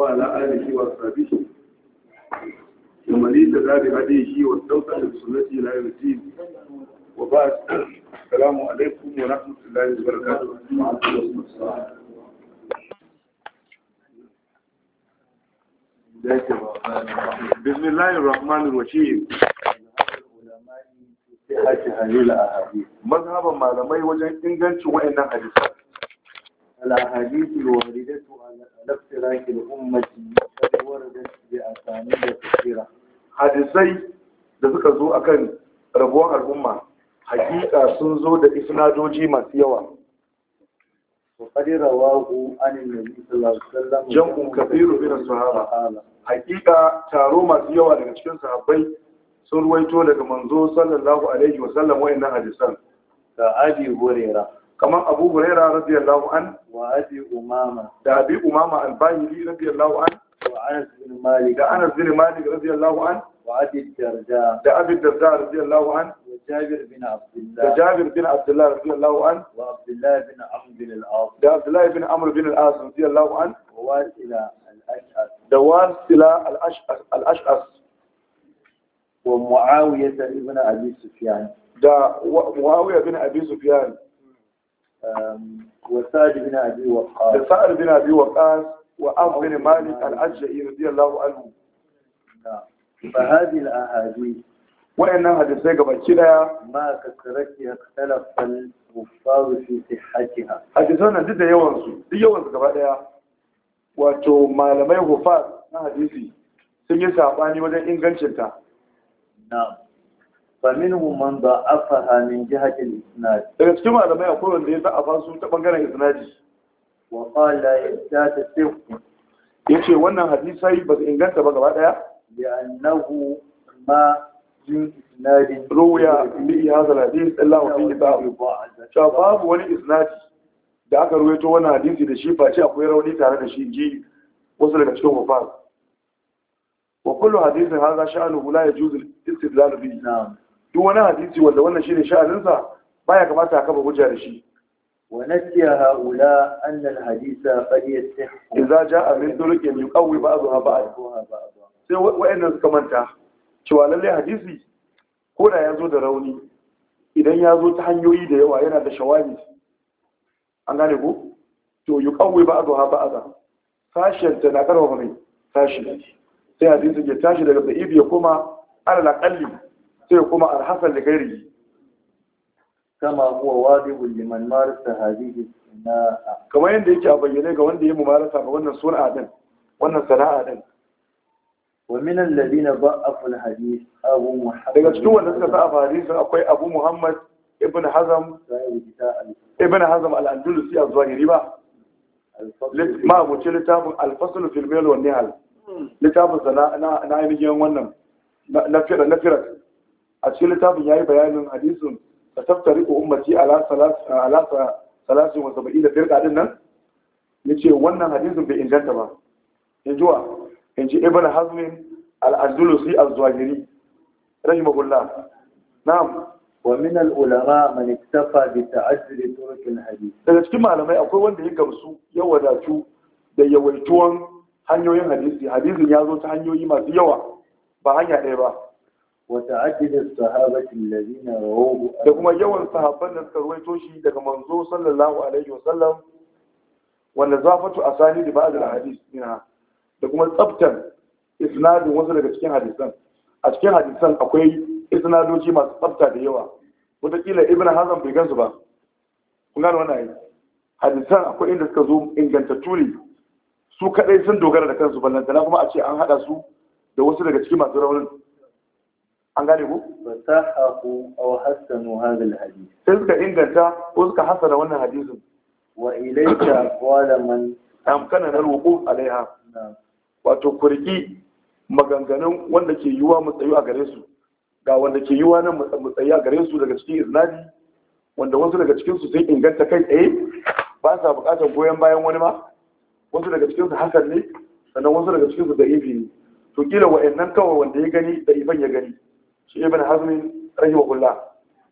وعلى آله وأصحابه ومن اهتدى بهديه واستوفى بسنته إلى يوم الدين وبعد السلام عليكم ورحمة الله وبركاته بسم الله الرحمن الرحيم mazhaban malamai wajen ingancin wa'annan hadisan الأحاديث الواردة على افتراك الأمة قد وردت بأسانيد كثيرة hadisai da suka zo kan rabuwar al'umma hakika sun zo da isnadoji masu yawa وقد رواه عن النبي صلى الله عليه وسلم جمع كثير من الصحابة حقيقة تارو ما سيوا daga cikin sahabbai sun ruwaito daga manzo sallallahu alaihi wasallam wa'annan hadisan da Abi Hurairah kamar abu huraira radiyallahu an wa abi umama da abi umama al-bahili radiyallahu an wa anas bin malik da anas bin malik radiyallahu an wa abi darda da abi darda radiyallahu an wa jabir bin abdullah da jabir bin abdullah radiyallahu an wa abdullah bin amr bin al-as da abdullah bin amr bin al-as radiyallahu an wa wasila al-ash'as da wasila al-ash'as al-ash'as wa muawiya ibn abi sufyan da muawiya bin abi sufyan وسعد بن أبي وقاص سعد بن أبي وقاص وأبو بن مالك الأشجعي رضي الله عنه فهذه الأحاديث وإن حديثي قبل كده ما كثرتها اختلف الكفار في صحتها حديثنا ضد يوانسو دي يوانسو قبل wato malamai hufaz na hadisi sun yi saɓani wajen ingancinta. Na'am. فمنهم من ضعفها من جهة الإسناد اجتمع لما يقول أن يضع فاسو تبنغر الإسناد وقال لا يزداد الثقة يكشي وانا حديثي بس إن كانت بقى بعد لأنه ما من إسناد رويا بي هذا الحديث إلا وفيه بعض شباب والإسناد da aka ruwaito wannan hadisi da shi face akwai rauni tare da shi ji wasu daga cikin wafar wa kullu hadisin hadha sha'nuhu la yajuzu istidlal bihi na'am duk wani hadisi wanda wannan shine sha'aninsa baya kamata a kafa hujja da shi ونسي هؤلاء أن الحديث قد يصح إذا جاء من طرق يقوي ba'daha بعضا sai wa'annan suka manta cewa lallai hadisi ko da ya zo da rauni idan ya zo ta hanyoyi da yawa yana da shawani. an gane ko to yi ba'daha ba'da fashin ta na karwa mai fashin sai hadisi ke tashi daga da ya koma ala na kalli sai kuma arhasan da gairi kama huwa wajibul liman marasa hadhihi sana'a kamar yadda yake a bayyane ga wanda ya mumarasa ga wannan sana'a din wannan sana'a din wa min alladhina da'afu alhadith abu muhammad daga cikin wanda suka sa hadisi akwai abu muhammad ibn hazm ibn hazm al-andalusi az-zahiri ba ma abuce littafin alfasul filmel wa nihal hmm. littafin sa na ainihin wannan na firat a cikin littafin ya yi bayanin hadisun ta taftari ko ummati ala salasin wasu saba'i da firka din nan ya ce wannan hadisun bai inganta ba in ji wa in ji ibn hazmin al-andulusi al-zuwajiri rahimahullah na'am ومن العلماء من da بتعذر طرق الحديث daga cikin malamai akwai wanda ya gamsu ya wadatu da yawaituwan hanyoyin hadisi hadisin ya zo ta hanyoyi masu yawa ba hanya ɗaya ba وتعدد الصحابة الذين رووه da kuma yawan sahabban da suka ruwaito shi daga manzo sallallahu alaihi wasallam wanda zafatu asani da ba'd al-hadith dina da kuma tsaftan isnadin wasu daga cikin hadisan a cikin hadisan akwai isnadoji masu tsafta da yawa wataƙila ibn hazan bai gansu ba kun gane wannan ayi hadisan akwai inda suka zo ingantattu ne su kadai sun dogara da kansu ballantana kuma a ce an hada su da wasu daga cikin masu raunin an gane ku fasahahu aw hasanu hadha alhadith sai suka inganta ko suka hasara wannan hadisin wa ilayka qala man amkana na ruku alaiha wato kurki maganganun wanda ke yiwa matsayi a gare su ga wanda ke yiwa nan matsayi a gare su daga cikin iznadi wanda wasu daga cikin su sai inganta kai tsaye ba sa bukatar goyon bayan wani ma wasu daga cikin su hasan ne sannan wasu daga cikin su da ifi ne to kila wa'annan kawai wanda ya gani da ifan ya gani shi ibn hazmi rahimahullah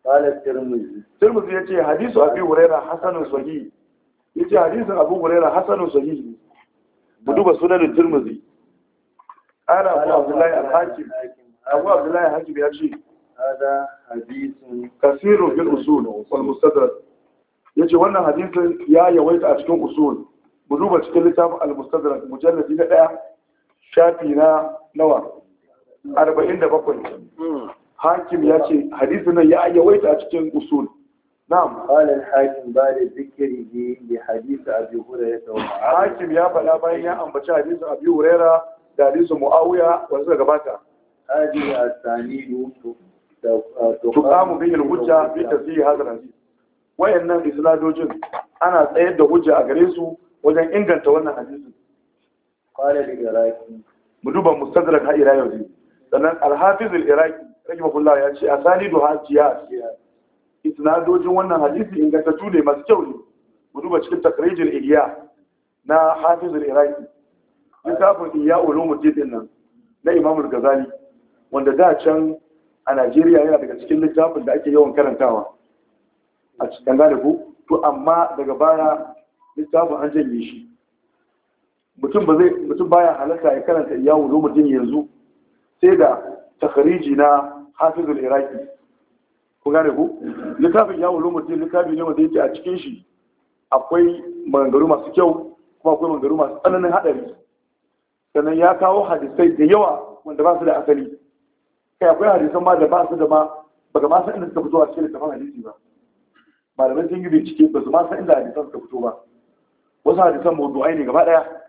qala tirmidhi tirmidhi yace hadisu abi hurairah hasanun sahih yace hadisin abu hurairah hasanun sahih mu duba sunan tirmidhi ana abu abdullahi al-hakim abu abdullahi al-hakim yace hada hadisun kasirun fil usul wal mustadrak yace wannan hadisin ya yawaita a cikin usul mu duba cikin littafin al-mustadrak mujalladi na daya shafi na nawa arba'in da bakwai hmm. hakim ya ce hadisi nan ya yawaita a cikin usul na'am qala al-hakim ba'da dhikrihi li hadith abi hurairah hakim ya fada bayan ya ambaci hadisi abu hurairah da hadisi muawiya wanda gabata a sani da ah, tuqamu bihi al-hujja bi tafsir hadha al-hadith wayannan isnadojin ana tsayar da hujja a gare su wajen inganta wannan hadisin qala al mu duba mustadrak ha ila sannan alhafiz al-iraqi rahimahullah ya ce asalidu hajiya isnadojin wannan hadisi ingantattu ne masu kyau ne mu duba cikin takrijil iliya na hafiz al-iraqi littafin ihya ulumuddin din nan na imam al wanda da can a Najeriya yana daga cikin littafin da ake yawan karantawa a cikin gane ku to amma daga baya littafin an janye shi mutum ba zai mutum baya halarta ya karanta ihya ulumuddin yanzu sai da takariji na hafizul iraki ku gane ku littafin yawon mutum littafi ne wanda yake a cikin shi akwai magangaru masu kyau kuma akwai magangaru masu tsananin haɗari sannan ya kawo hadisai da yawa wanda ba su da asali kai akwai hadisan ma da ba su da ma baka ma san inda suka fito a cikin littafin hadisi ba malamai sun yi bincike ba su ma san inda hadisan suka fito ba wasu hadisan mawdu'ai ne gaba ɗaya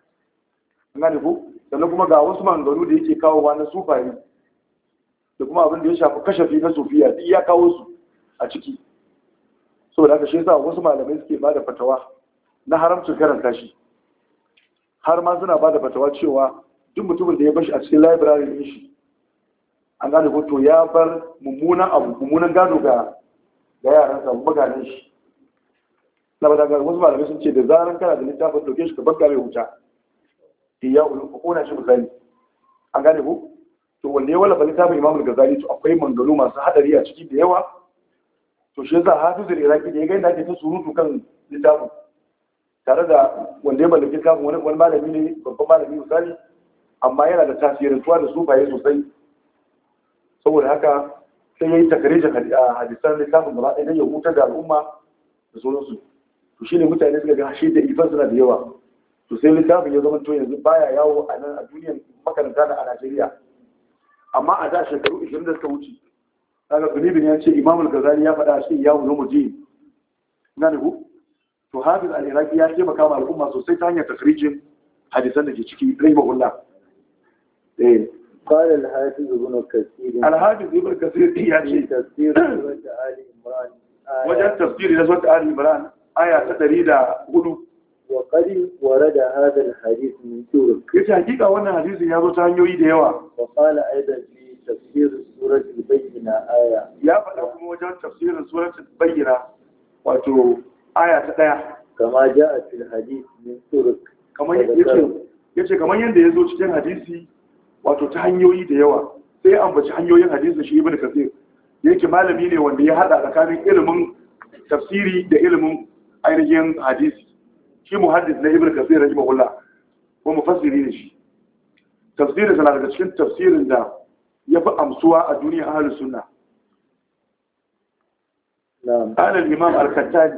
gane ku sannan kuma ga wasu maganganu da yake kawowa na sufari da kuma abin da ya shafi kashafi na sufiya duk ya kawo su a ciki saboda haka shi yasa wasu malamai suke ba da fatawa na haramcin karanta shi har ma suna ba da fatawa cewa duk mutumin da ya bashi a cikin library din shi an gane ko to ya bar mummunan abu mummunan gado ga ga yaransa maganin shi na ba da wasu malamai sun ce da zaran kana da littafin dauke shi ka bakka mai wuta ya ulu ko na shi an gane ku to wanda ya walafa littafin Imam Al-Ghazali to akwai mangalo masu hadari a ciki da yawa to shi yasa Hafiz al-Iraqi da ya ga inda ke ta surutu kan littafin tare da wanda ya mallaki littafin wani wani malami ne babban malami misali amma yana da tuwa da sufaye sosai saboda haka sai ya yi takarijin hadisan littafin da ɗaya don ya hutar da al'umma da sauransu to shi ne mutane suka ga shi da ifan suna da yawa to sai littafin ya zama to yanzu baya yawo a nan a duniyar makaranta na a Najeriya amma a da shekaru 20 da suka wuce daga Bilibin ya ce Imam al-Ghazali ya faɗa shi yawo na muji na ne ku to Hafiz al-Iraqi ya ce makama al'umma sosai ta hanyar takrijin hadisan da ke ciki rahimahullah eh قال الحافظ ابن كثير الحافظ ابن كثير يعني تفسير سورة آل عمران وجد تفسير سورة آل عمران آية 104 wa qad warada da al-hadith min turuq yace hakika wannan hadisi ya zo ta hanyoyi da yawa wa qala aidan fi tafsir surat al-bayyina aya ya faɗa kuma wajen tafsirin surat al-bayyina wato aya ta daya kama ja'a fil hadith min turuq kamar yace yace kamar yanda yazo cikin hadisi wato ta hanyoyi da yawa sai ambaci hanyoyin hadisin shi ibnu kasir yake malami ne wanda ya hada tsakanin ilimin tafsiri da ilimin ainihin hadisi shi muhaddis na ibn kasir rahimahullah ko mufassiri ne shi tafsirin sa daga cikin tafsirin da ya fi amsuwa a duniya ahlus sunna na'am qala al-imam al-kattabi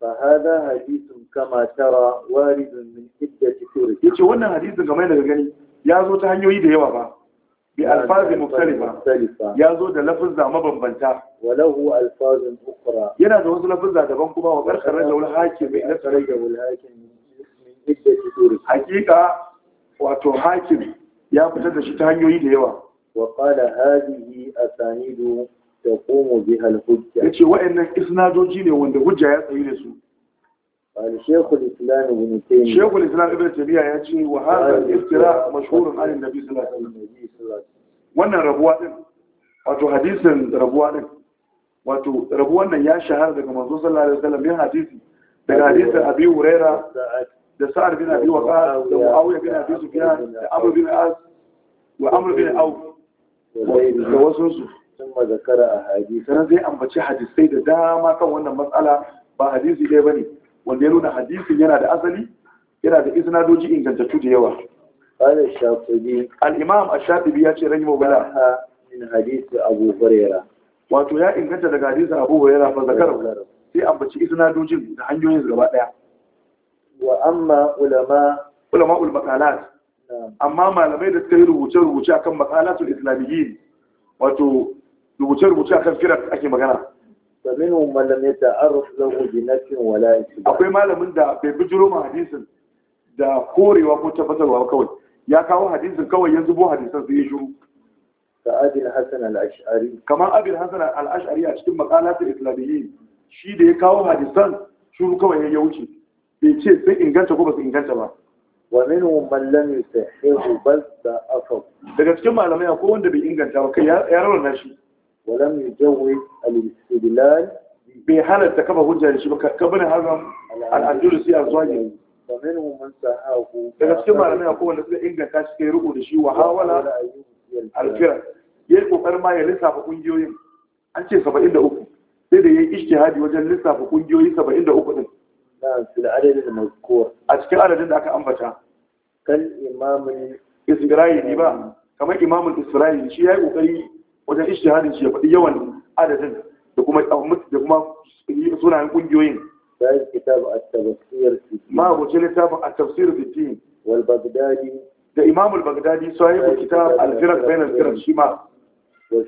fa hadha hadithun kama tara waridun min iddati turki yace wannan hadisin game da gani ya zo ta hanyoyi da yawa ba bi alfazi mukhtalifa ya zo da lafazza mabambanta وله ألفاظ أخرى ينا ده وصل فزع ده كوبا وقال خرج لو الحاكم إلى خرج لو الحاكم من عدة دور حقيقة واتو حاكم يا فتاة شتان يويد يوا وقال هذه أسانيد تقوم بها الحجة يعني يتشي وإن إسنادو جيني وإن حجة يسعي رسول قال شيخ الإسلام ابن تيمية شيخ الإسلام ابن تيمية يا يتشي وهذا الافتراء مشهور عن النبي صلى الله عليه وسلم وانا rabuwa din wato hadisin rabuwa din wato rabu wannan ya shahara daga manzo sallallahu alaihi wasallam bin hadisi daga hadisin abi huraira da sa'ad bin abi waqas da muawiya bin abi sufyan da abu bin as wa amr bin auf da wasu su kuma zakara a hadisi sanan zai ambaci hadisai da dama kan wannan matsala ba hadisi ɗaya bane wanda ya nuna hadisin yana da asali yana da isnadoji ingantattu da yawa قال الشاطبي الإمام الشاطبي يأتي رحمه الله من حديث أبو هريرة wato ya inganta daga hadisa Abu yana fa zakara sai ambaci isnadojin da hanyoyin gaba daya wa amma ulama ulama ul makalat amma malamai da suka yi rubuce rubuce akan makalatu islamiyyin wato rubuce rubuce akan firar ake magana فمنهم malamai لم يتعرف da بنفس wala إثبات akwai malamin da bai bijiro ma hadisin da korewa ko tabbatarwa kawai ya kawo hadisin kawai yanzu zubo hadisan sai ya shiru كأبي الحسن الأشعري كما أبي الحسن الأشعري أشكل مقالات الإسلاميين shi da ya kawo hadisan shuru kawai ya wuce bai ce sun inganta ko ba su inganta ba wa minhum man lam yusahihu bal da'afa daga cikin malamai akwai bai inganta ba kai ya rawana shi wa lam yujawwiz al-istidlal bai halatta kafa hujja da shi ba kabin hazam al-andalusi az daga cikin malamai suka inganta shi kai da shi ya yi ƙoƙarin ma ya lissafa ƙungiyoyin an ce saba'in da uku sai da ya yi ishtihadi wajen lissafa ƙungiyoyi saba'in da uku ɗin a cikin adadin da aka ambata kan imamun isra'ili ba kamar imamun isra'ili shi ya yi ƙoƙari wajen ishtihadin shi ya faɗi yawan adadin da kuma da kuma sunayen ƙungiyoyin ذلك كتاب التفسير في الدين ما هو كتاب التفسير في الدين والبغدادي ده إمام البغدادي صاحب كتاب الفرق بين duk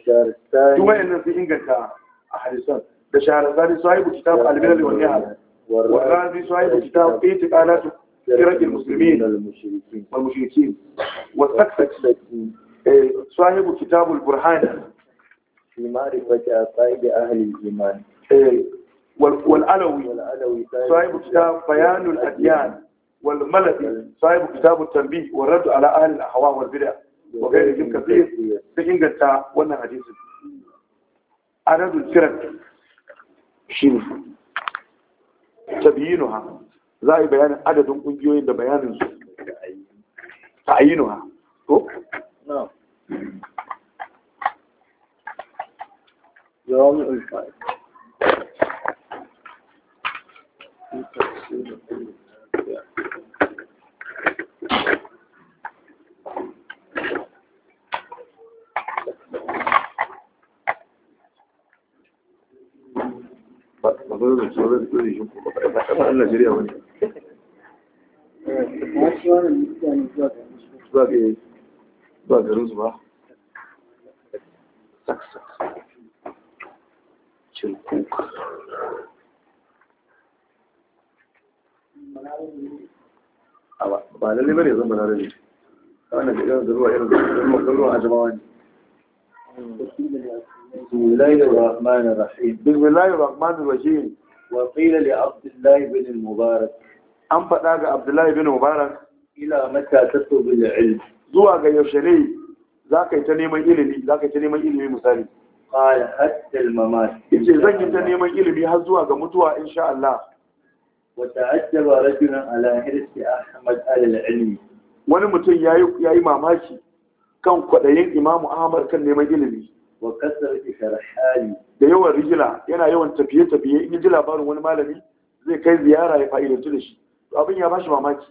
wayannan sun inganta a hadisan da shahararri sahibu kitab al-bilal wal nihal wa razi sahibu kitab itiqanat firaq al-muslimin wal mushrikin wa saksak eh, sahibu kitab al-burhan fi ma'rifati aqaid صاحب كتاب بيان الأديان والملدي صاحب كتاب التنبيه والرد على أهل الأهواء والبدع wa gairi jin kafir ta inganta wannan hadisin adadul sirat shi ne tabiyinuha za a yi bayanin adadin ƙungiyoyin da bayanin su ta ayinuha to? ko? الفائد Thank you. ba zai tsori shi kuma ba ta kasar Najeriya ba ne. Zuwa ga zuwa garin su ba. Saksak. Cin kuka. Ba lalle ba ne zan ba lalle. Wannan da irin zuwa irin zuwa a jama'a ne. بسم الله الرحمن الرحيم بسم الله الرحمن الرحيم وقيل لعبد الله بن المبارك an faɗa ga abdullahi bin mubarak ila mata zuwa ga yaushe ne za ka yi ta neman ilimi ta zan yi ta neman ilimi har zuwa ga mutuwa ala wani mutum ya yi mamaki kan kwaɗayin imamu ahmad kan neman ilimi wa kasarati sharhali da yawan rijila yana yawan tafiye tafiye in ji labarin wani malami zai kai ziyara ya fa'idantu da shi To abin ya bashi mamaki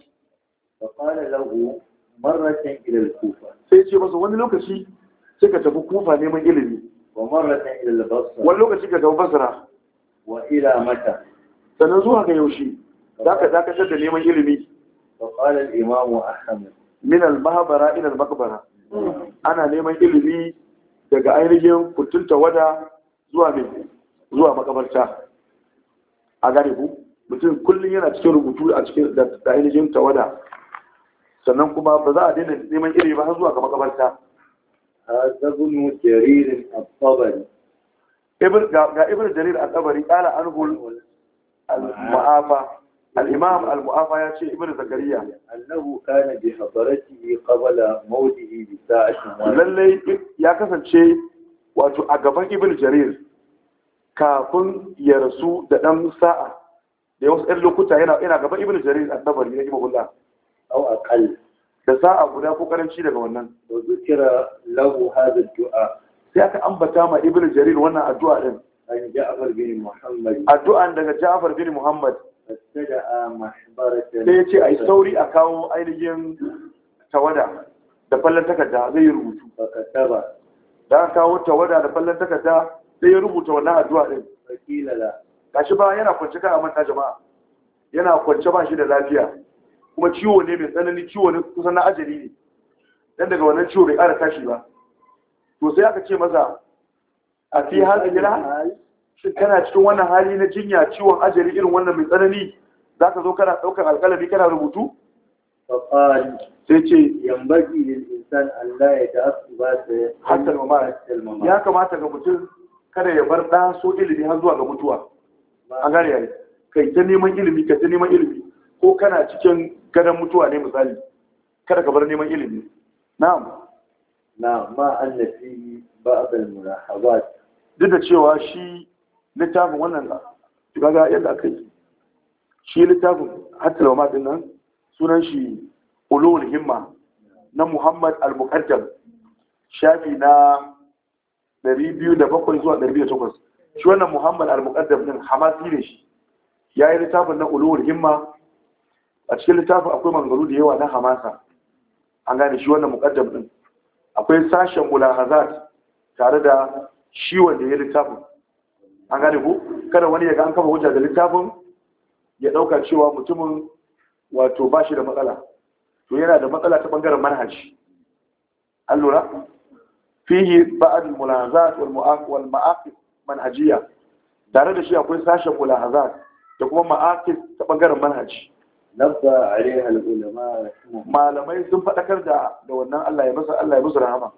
fa qala lahu marratan ila al-kufa sai ce masa wani lokaci sai tafi kufa neman ilimi wa marratan ila al-basra wani lokaci ka tafi basra wa ila mata sannan zuwa ga yaushe zaka dakatar da neman ilimi fa qala al-imamu ahmad min al-mahbara ila al-maqbara hmm. ana neman ilimi daga ainihin kutunta tawada zuwa mai zuwa makabarta a gane ku mutum kullum yana cikin rubutu a cikin da ainihin tawada sannan kuma ba za a daina neman iri ba har zuwa ga makabarta ibn jaririn al-tabari ibn ga ibn jarir al-tabari qala anhu al-ma'afa الإمام المؤافى ياتي ابن زكريا أنه كان بحضرته قبل موته بساعة للي يا كسن شيء واتو أقفان ابن جرير كافن يرسو دم ساعة da ya wasu ɗan lokuta yana gaban ibn jarir annabar ne ibn Allah au aqal da sa'a guda ko karanci daga wannan wa zikira lahu hadha du'a sai aka ambata ma ibn jarir wannan addu'a din an ja'far bin muhammad addu'an daga ja'far bin muhammad sai ya ce a yi sauri a kawo ainihin tawada da fallon takarda zai yi rubutu da aka kawo tawada da fallon takarda sai ya rubuta wannan addu'a din shi ba yana kwance kan amanta jama'a yana kwance ba shi da lafiya kuma ciwo ne mai tsanani ciwo ne kusan na ajali ne dan daga wannan ciwo bai ƙara tashi ba to sai aka ce masa a fi hazin gida kana cikin wannan hali na jinya ciwon ajali irin wannan mai tsanani za ka zo kana ɗaukar alƙalami kana rubutu? sai ce yambagi lil insan Allah ya da su ba da hatta mama ya kamata ga mutum kada ya bar ɗan so ilimi har zuwa ga mutuwa a gane yayi kai ta neman ilimi ka ta neman ilimi ko kana cikin gadon mutuwa ne misali kada ka bar neman ilimi na'am na ma annabi ba'd al murahabat duk da cewa shi littafin wannan gaga yadda aka yi shi littafin hatta ma din nan sunan shi ulul himma na muhammad al-muqaddam shafi na 207 zuwa 208 shi wannan muhammad al-muqaddam din hamasi ne shi ya yi littafin na ulul himma a cikin littafin akwai mangaru da yawa na hamasa an gane shi wannan muqaddam din akwai sashen mulahazat tare da shi wanda ya yi littafin an gane ku kada wani ya ga an kama hujja da littafin ya ɗauka cewa mutumin wato ba shi da matsala to yana da matsala ta ɓangaren manhaji an lura fihi ba'ad mulahazat wal ma'aqib manhajiya tare da shi akwai sashen mulahazat da kuma ma'aqib ta ɓangaren manhaji nabba alaiha al-ulama malamai sun faɗakar da da wannan Allah ya masa Allah ya musu rahama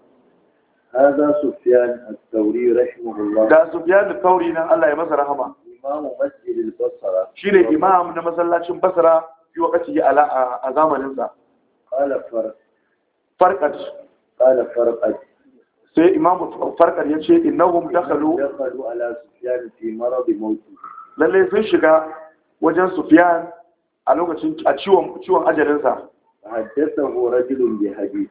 هذا سفيان الثوري رحمه الله ده سفيان الثوري نان الله يمسى رحمه إمام مسجد البصرة شيل إمام نمسلاتين بصرة في وقته على أزامن إنسا قال فرق فرقت قال فرقت sai imamu farkar ya ce innahum dakhalu dakhalu ala sufyan fi marad mawt lalle sun shiga wajen sufyan a lokacin a ciwon ciwon ajalinsa haddathahu rajulun bi hadith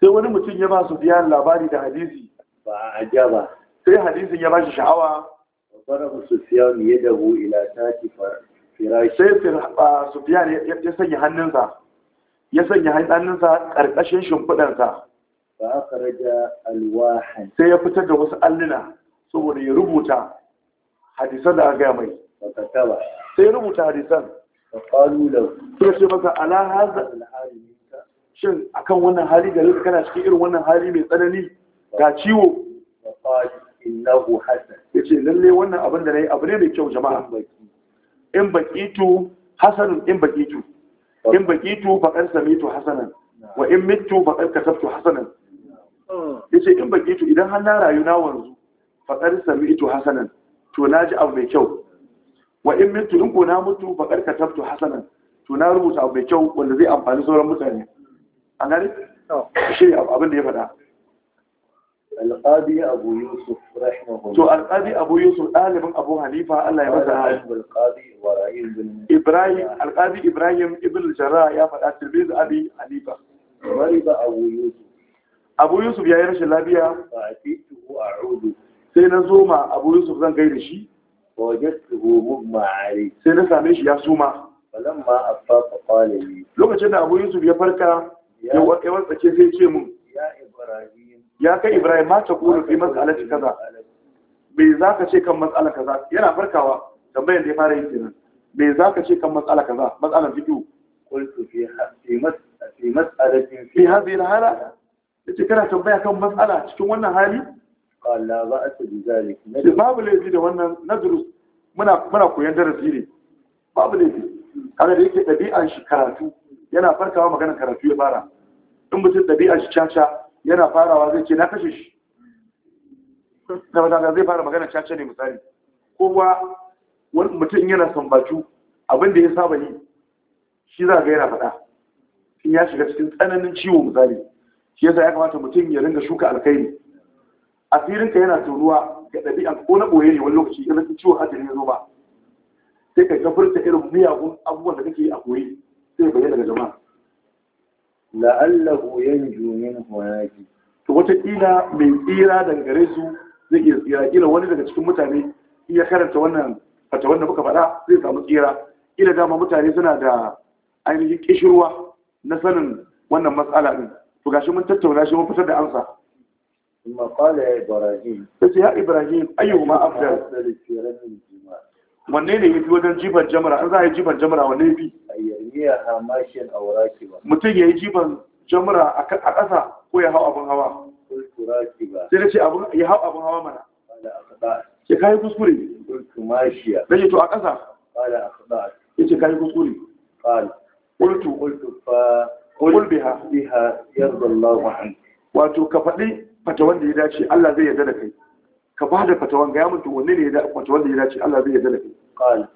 sai wani mutum ya ba su biya labari da hadisi ba a jaba sai hadisin ya ba shi sha'awa bara su siya ne ya dabu ila taki firashi sai sufiyan ya sanya hannunsa ya sanya hannunsa karkashin shimfidansa ba aka raja alwahan sai ya fitar da wasu allina saboda ya rubuta hadisan da aka mai sai ya rubuta hadisan sai ce masa alaha za ala haza shin akan wannan hali da ka kana cikin irin wannan hali mai tsanani ga ciwo innahu ce lalle wannan abin da na yi abu ne mai kyau jama'a in baqitu hasanun in baqitu in baqitu faqad samitu hasanan wa in mitu faqad kasabtu hasanan yace in baqitu idan har na rayu na wanzu faqad samitu hasanan to na ji abu mai kyau wa in mitu in ko na mutu faqad kasabtu hasanan to na rubuta abu mai kyau wanda zai amfani sauran mutane an gani shi abin da ya faɗa alƙadi abu yusuf to alƙadi abu yusuf ɗalibin abu hanifa allah ya masa hali ibrahim alƙadi ibrahim ibn jara ya faɗa tirmiz abi hanifa abu yusuf abu yusuf ya yi rashin lafiya sai na zoma abu yusuf zan gaida shi sai na same shi ya suma lokacin da abu yusuf ya farka ya wantsake sai ce mun ya kai ibrahim ma ta kuru fi mas'alati kaza me za ka ce kan mas'ala kaza yana farkawa tambayar da ya fara yin kenan me za ka ce kan mas'ala kaza mas'alan fiqh qultu fi fi mas'alatin fi hadhihi al-hala yace kana tambaya kan mas'ala cikin wannan hali qala ba asu bi zalik babu laifi da wannan nadrus muna koyon darasi ne babu laifi kaga da yake ɗabi'an shi karatu yana farkawa maganar karatu ya fara in mutum ɗabi'a shi caca yana farawa zai ce na kashe shi na wadanda zai fara magana caca ne misali ko ba wani mutum yana sambatu abinda ya saba yi shi za ga yana faɗa in ya shiga cikin tsananin ciwo misali shi yasa ya kamata mutum ya ringa shuka alkhairi asirinka yana turuwa ga ɗabi'a ko na ɓoye ne wani lokaci yana ciwon ne ya zo ba sai ka furta irin miyagun abubuwan da kake yi a koyi sai bayyana ga jama'a la'allahu yanju min hunaki to wata kila mai tsira daga gare su zai iya tsira kila wani daga cikin mutane iya karanta wannan fata wanda muka faɗa zai samu tsira kila dama mutane suna da ainihin kishirwa na sanin wannan matsala din to gashi mun tattauna shi mun fitar da amsa ثم قال يا إبراهيم يا إبراهيم أيهما أفضل؟ wanne ne yafi wajen jiban jamara? an za a yi jiban jamara wanne yafi mutum ya yi jiban jamara a ƙasa ko ya hau abin hawa sai da ce ya hau abin hawa mana ke kayi kuskure da ce to a ƙasa ya ce kayi kuskure ƙultu ƙulbiha wato ka faɗi fata wanda ya dace Allah zai yarda da kai ka ba da fatawan ga yamutu wanne ne fata wanda ya dace Allah zai yarda da kai قال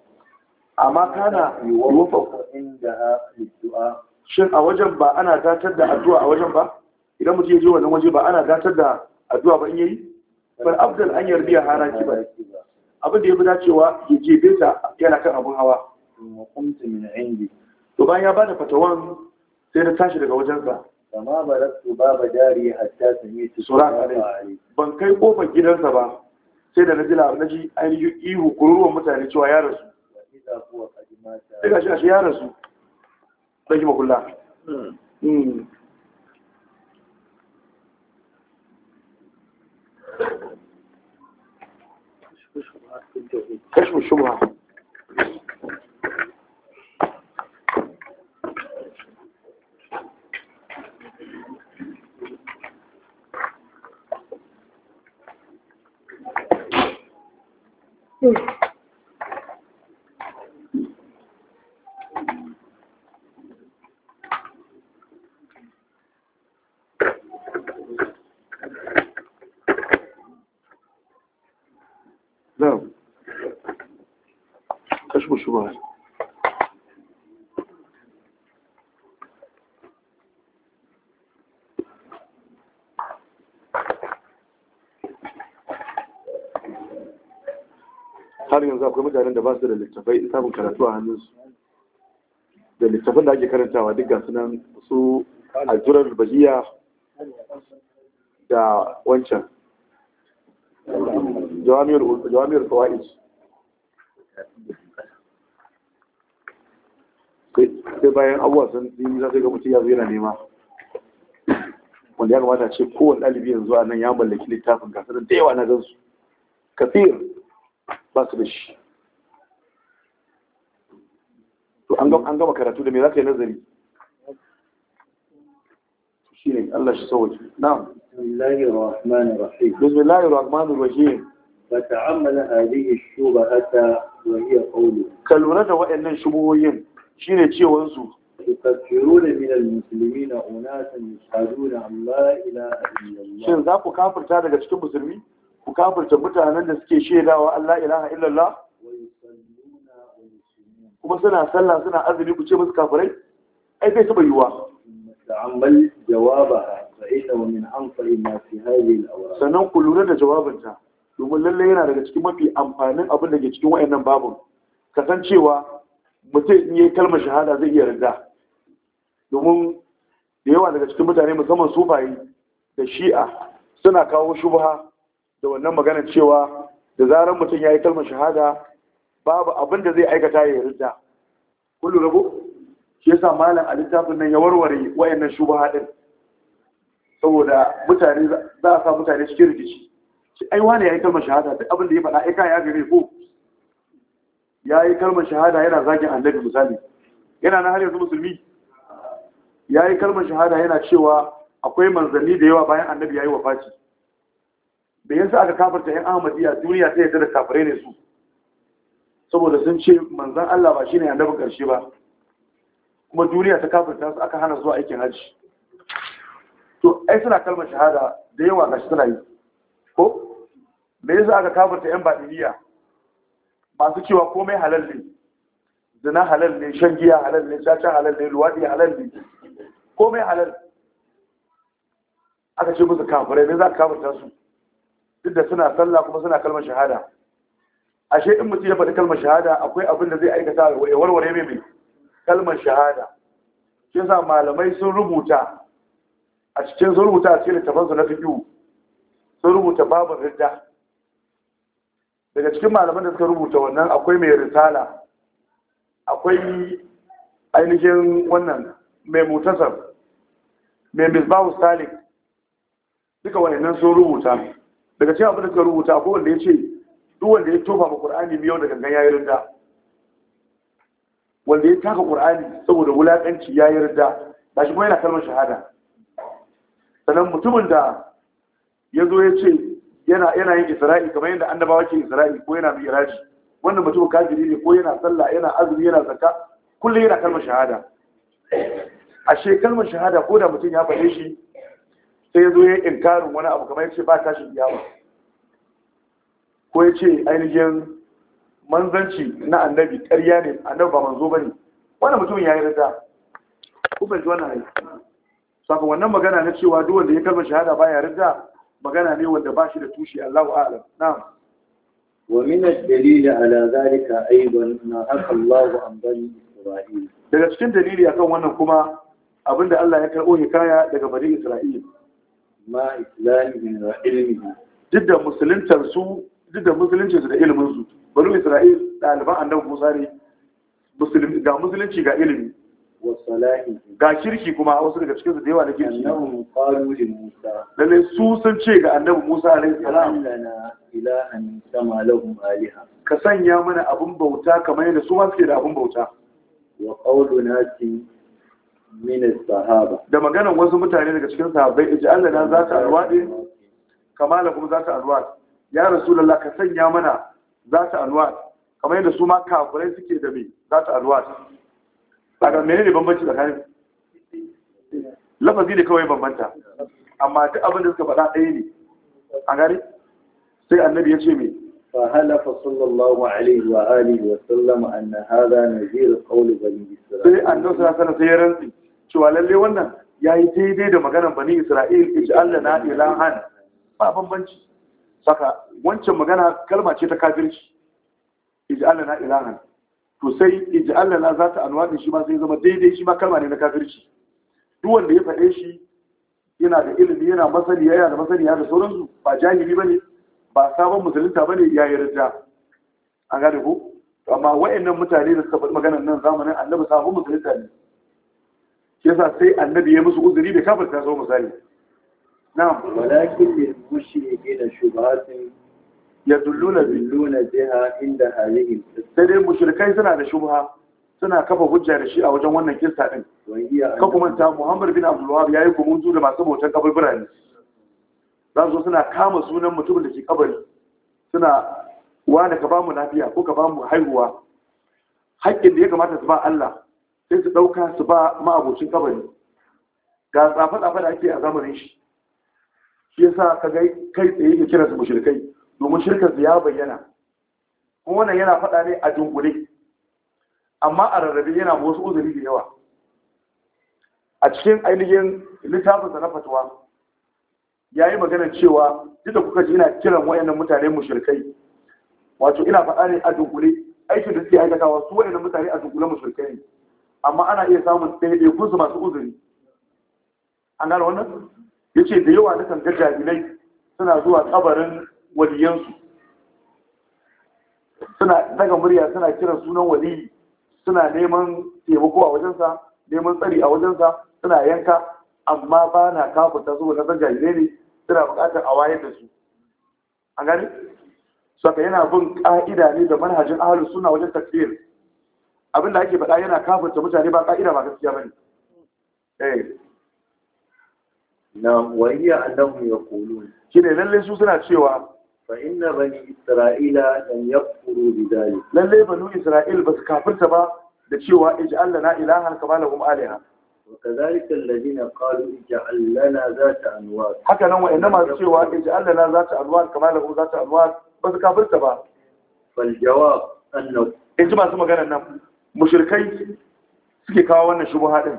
أما كان يوفق عندها shin a wajen ba ana datar da addu'a a wajen ba idan mutum ya je wannan waje ba ana datar da addu'a ba in yayi bal afdal an yarbiya haraki ba abin da yafi dacewa ya je beta yana kan abun hawa muqamtu ya bada fatawan sai na tashi daga wajen sa kama ban kai kofar gidansa ba sai da naji naji ainihin ihu kururuwan mutane cewa ya rasu sai ga shi ashe ya rasu ɗauki makulla hmm. kashfu shubha نعم كشف الشبهات yanzu akwai mutanen da ba su da littafai samun karatu a hannunsu da littafin da ake karantawa duk gasu nan su aljurar bajiya da wancan jami'ar kawa'id sai bayan abuwa sun yi za su ga mutum ya zo yana nema wanda ya kamata ce kowane ɗalibi yanzu a nan ya mallaki littafin gasar da yawa na gansu kafin ba su da shi to an gama karatu da me za ka yi nazari shi ne Allah shi sauwaje na'am bismillahir rahmanir rahim fata'ammala hadhihi shubahata wa hiya qawlu kalura da waɗannan shubuhoyin shine cewan su tukaffiruna min al-muslimina yashhaduna an la ilaha illallah shin za ku kafirta daga cikin musulmi ku kafirta mutanen da suke shaidawa Allah ilaha illallah kuma suna sallah suna azumi ku ce musu kafirai ai bai taba yiwa ta'ammal jawabaha fa min anfa'i ma fi hadhihi al sanan ku lura da jawabinta domin lalle yana daga cikin mafi amfanin abin da ke cikin wayannan babu. kasancewa mutum in yi kalmar shahada zai iya riga, domin da yawa daga cikin mutane musamman sufaye da shi'a suna kawo shubha da wannan maganar cewa da zarar mutum ya yi kalmar shahada babu abin da zai aikata ya yarda kullu rabu shi yasa malam a littafin nan ya warware wayannan shubaha din saboda mutane za a sa mutane cikin rikici shi ai wani ya yi kalmar shahada duk abin da ya faɗa aika ya gare ko ya yi kalmar shahada yana zagin annabi misali yana na har yanzu musulmi ya yi kalmar shahada yana cewa akwai manzanni da yawa bayan annabi ya yi wafaci da yasa aka kafarta yan ahmadiyya duniya ta yadda da kafirai ne su saboda sun ce manzan Allah ba shine annabin ƙarshe ba kuma duniya ta kafarta su aka hana zuwa aikin hajji to ai suna kalmar shahada da yawa gashi suna yi ko me yasa aka kafarta yan badiliya masu cewa komai halal ne zina halal ne shan giya halal ne caca halal ne luwaɗi halal ne komai halal aka ce musu kafirai me za ka kafarta su duk da suna sallah kuma suna kalmar shahada ashe in mutum ya faɗi kalmar shahada akwai abin da zai aikata ya warware mai mai kalmar shahada shi yasa malamai sun rubuta a cikin sun rubuta a cikin su na fiƙiyu sun rubuta babin ridda daga cikin malaman da suka rubuta wannan akwai mai risala akwai ainihin wannan mai mutasar mai misbahu salik duka wannan sun rubuta daga cikin abin da suka rubuta ko wanda ya ce duk wanda ya tofa ma ƙur'ani miyau da gangan ya yi rinda wanda ya taka ƙur'ani saboda wulaƙanci ya yi rinda ba shi kuma yana kalmar shahada sannan mutumin da ya zo ya ce yana yin isra'i kamar yadda annabawa ke isra'i ko yana iraji wannan mutum kafiri ne ko yana sallah yana azumi yana zakka kullum yana kalmar shahada Ashe kalmar shahada ko da mutum ya faɗe shi sai ya zo ya inkarin wani abu kamar ya ce ba biya ba. ko ya ce ainihin manzanci na annabi ƙarya ne annabi ba manzo ba ne wani mutumin ya yi rada ku fahimci wannan hanyar saka wannan magana na cewa duk wanda ya kalmar shahada ba ya rada magana ne wanda ba shi da tushe Allahu a'lam na wa min ad-dalil ala zalika aidan na haka Allahu an bani Isra'il daga cikin dalili akan wannan kuma abinda Allah ya karɓo hikaya daga bani Isra'il ma islamihim wa ilmihim duk da musuluntar su duk da su da ilimin su banu isra'il ɗaliban annabi musa ne ga musulunci ga ilimi Wa ga kirki kuma a wasu daga cikin su da yawa da kirki annabun qalu li musa lalle su sun ce ga annabi musa alaihi salam lana ilahan kama lahum aliha ka sanya mana abun bauta kamar yadda su ma suke da abun bauta wa qawluna da maganar wasu mutane daga cikin sahabbai ji Allah na za ta alwaɗe kamala kuma za ta alwaɗe ya rasulallah ka sanya mana za ta alwaɗe kamar yadda su ma kafirai suke da mai za ta alwaɗ daga mene ne bambanci tsakanin lafazi ne kawai bambanta amma duk abin da suka faɗa ɗaya ne a gari sai annabi ya ce mai فهلف صلى الله عليه وآله وسلم أن هذا نذير قول بني إسرائيل أن نسرى سنة سيرنسي شو على ونا يا يتيدي دم كان بني إسرائيل اجعل لنا إلها ما بنبنشي saka wancan magana kalma ce ta kafirci ij'alna ilahan to sai ij'alna za ta anwa shi ma sai zama daidai shi ma kalma ne na kafirci duk wanda ya faɗe shi yana da ilimi yana masaniya yana da masaniya da sauransu ba jahili bane ba sabon musulunta ba ne ya yi rija a gane ku amma wa'annan mutane da suka faɗi maganan nan zamanin annabi sabon musulunta ne shi yasa sai annabi ya musu uzuri da kafin ta zo misali na walakin da mushrikin ya yadulluna billuna jiha inda halihim sai dai mushrikai suna da shubha suna kafa hujja da shi a wajen wannan kissa din ka kuma ta Muhammad bin Abdul ya yi kumunzu da masu bautan kabar birane. za su suna kama sunan mutumin da ke kabari suna wane ka bamu lafiya ko ka bamu haihuwa haƙƙin da ya kamata su ba Allah sai su ɗauka su ba ma'abocin kabari ga tsafe-tsafe da ake a zamanin shi shi yasa ka ga kai tsaye ka kira su mushrikai domin shirkar ya bayyana kuma wannan yana faɗa ne a dunkule amma a rarrabe yana wasu uzuri da yawa a cikin ainihin littafinsa na fatuwa ya yi magana cewa duk da kuka ji ina kiran wayannan mutane mushrikai wato ina faɗa ne a dunkule aikin da suke aikatawa su wayannan mutane a dunkule mushrikai ne amma ana iya samun kunsu masu uzuri an gane wannan ya ce da yawa na ga jami'ai suna zuwa kabarin waliyansu suna daga murya suna kiran sunan waliyi suna neman taimako a wajensa neman tsari a wajensa suna yanka amma ba na zuwa na san jarire ne suna buƙatar a wayar da su A gani saka yana bin ƙa'ida ne da manhajin ahlus suna wajen tafiyar abin da ake faɗa yana ta mutane ba ƙa'ida ba gaskiya ba ne eh. na wariya kolo shi ne lalle su suna cewa fa inna bani isra'ila lam yakfuru bidalik lalle banu isra'il basu kafirta ba da cewa ij'alna ilahan kama lahum alaha وكذلك الذين قالوا اجعل لنا ذات انوار haka nan wa'annan masu cewa ij'al ذات انوار كما له ذات انوار ba su kafirta ba فالجواب انه in ji masu maganar nan suke kawo wannan shubuha din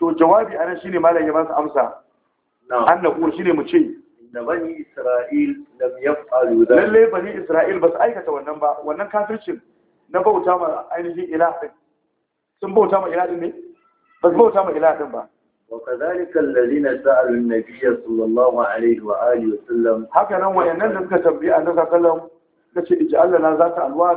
to jawabi anan shine malam ya ba su amsa annahu shine mu ce da bani isra'il lam yaf'alu dhalika lalle bani isra'il ba su aikata wannan ba wannan kafircin na bauta ma ainihin ila din sun bauta ma ila din ne bazbauta mu ila din ba wa kadhalika alladhina sa'alu an-nabiyya sallallahu alayhi wa wa sallam haka nan wayannan da suka tambayi annabi sallallahu alaihi wa sallam kace inji Allah na zata alwa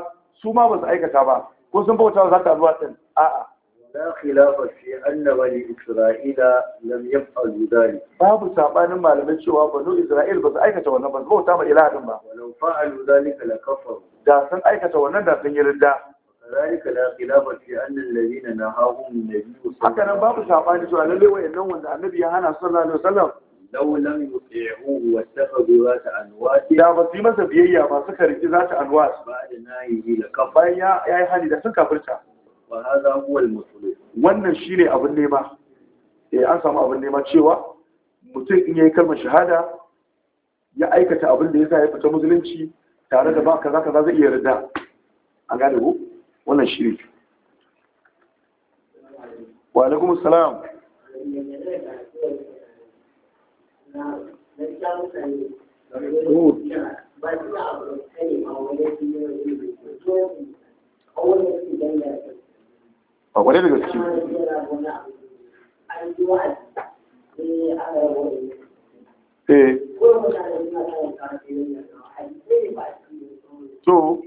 ma ba su aikata ba ko sun bauta ba zata alwa din a a la khilafa fi anna bani isra'ila lam yaf'alu dhalik babu sabanin malamin cewa bani isra'il ba su aikata wannan bazbauta mu ila din ba walau fa'alu dhalika la kafaru da sun aikata wannan da san yi ridda ذلك لا خلاف في أن الذين نهاهم النبي صلى الله عليه وسلم هكذا باب شعبان سؤال لله وإنه وإن النبي هانا صلى الله عليه وسلم لو لم يطيعوه واتخذوا ذات أنوات يا بس ما سبيعيا ما سكر ذات أنوات بعد نايه لكفر بايا يا حالي ده سكر فرشا وهذا هو المطلوب wannan shine abin nema eh an samu abin nema cewa mutum in yayi kalmar shahada ya aikata abin da yasa ya fita musulunci tare da ba kaza kaza zai iya rida an gane ko wannan shi wa alaikum salam da gaske eh to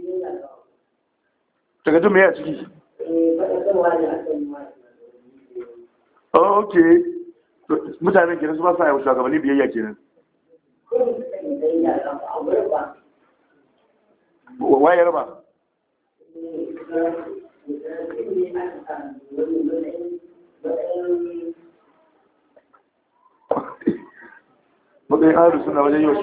daga jin mai a ciki oh, ok mutanen kenan su ba sa yi shugabanni biyayya kenan waye raba matsayin aru suna wajen yau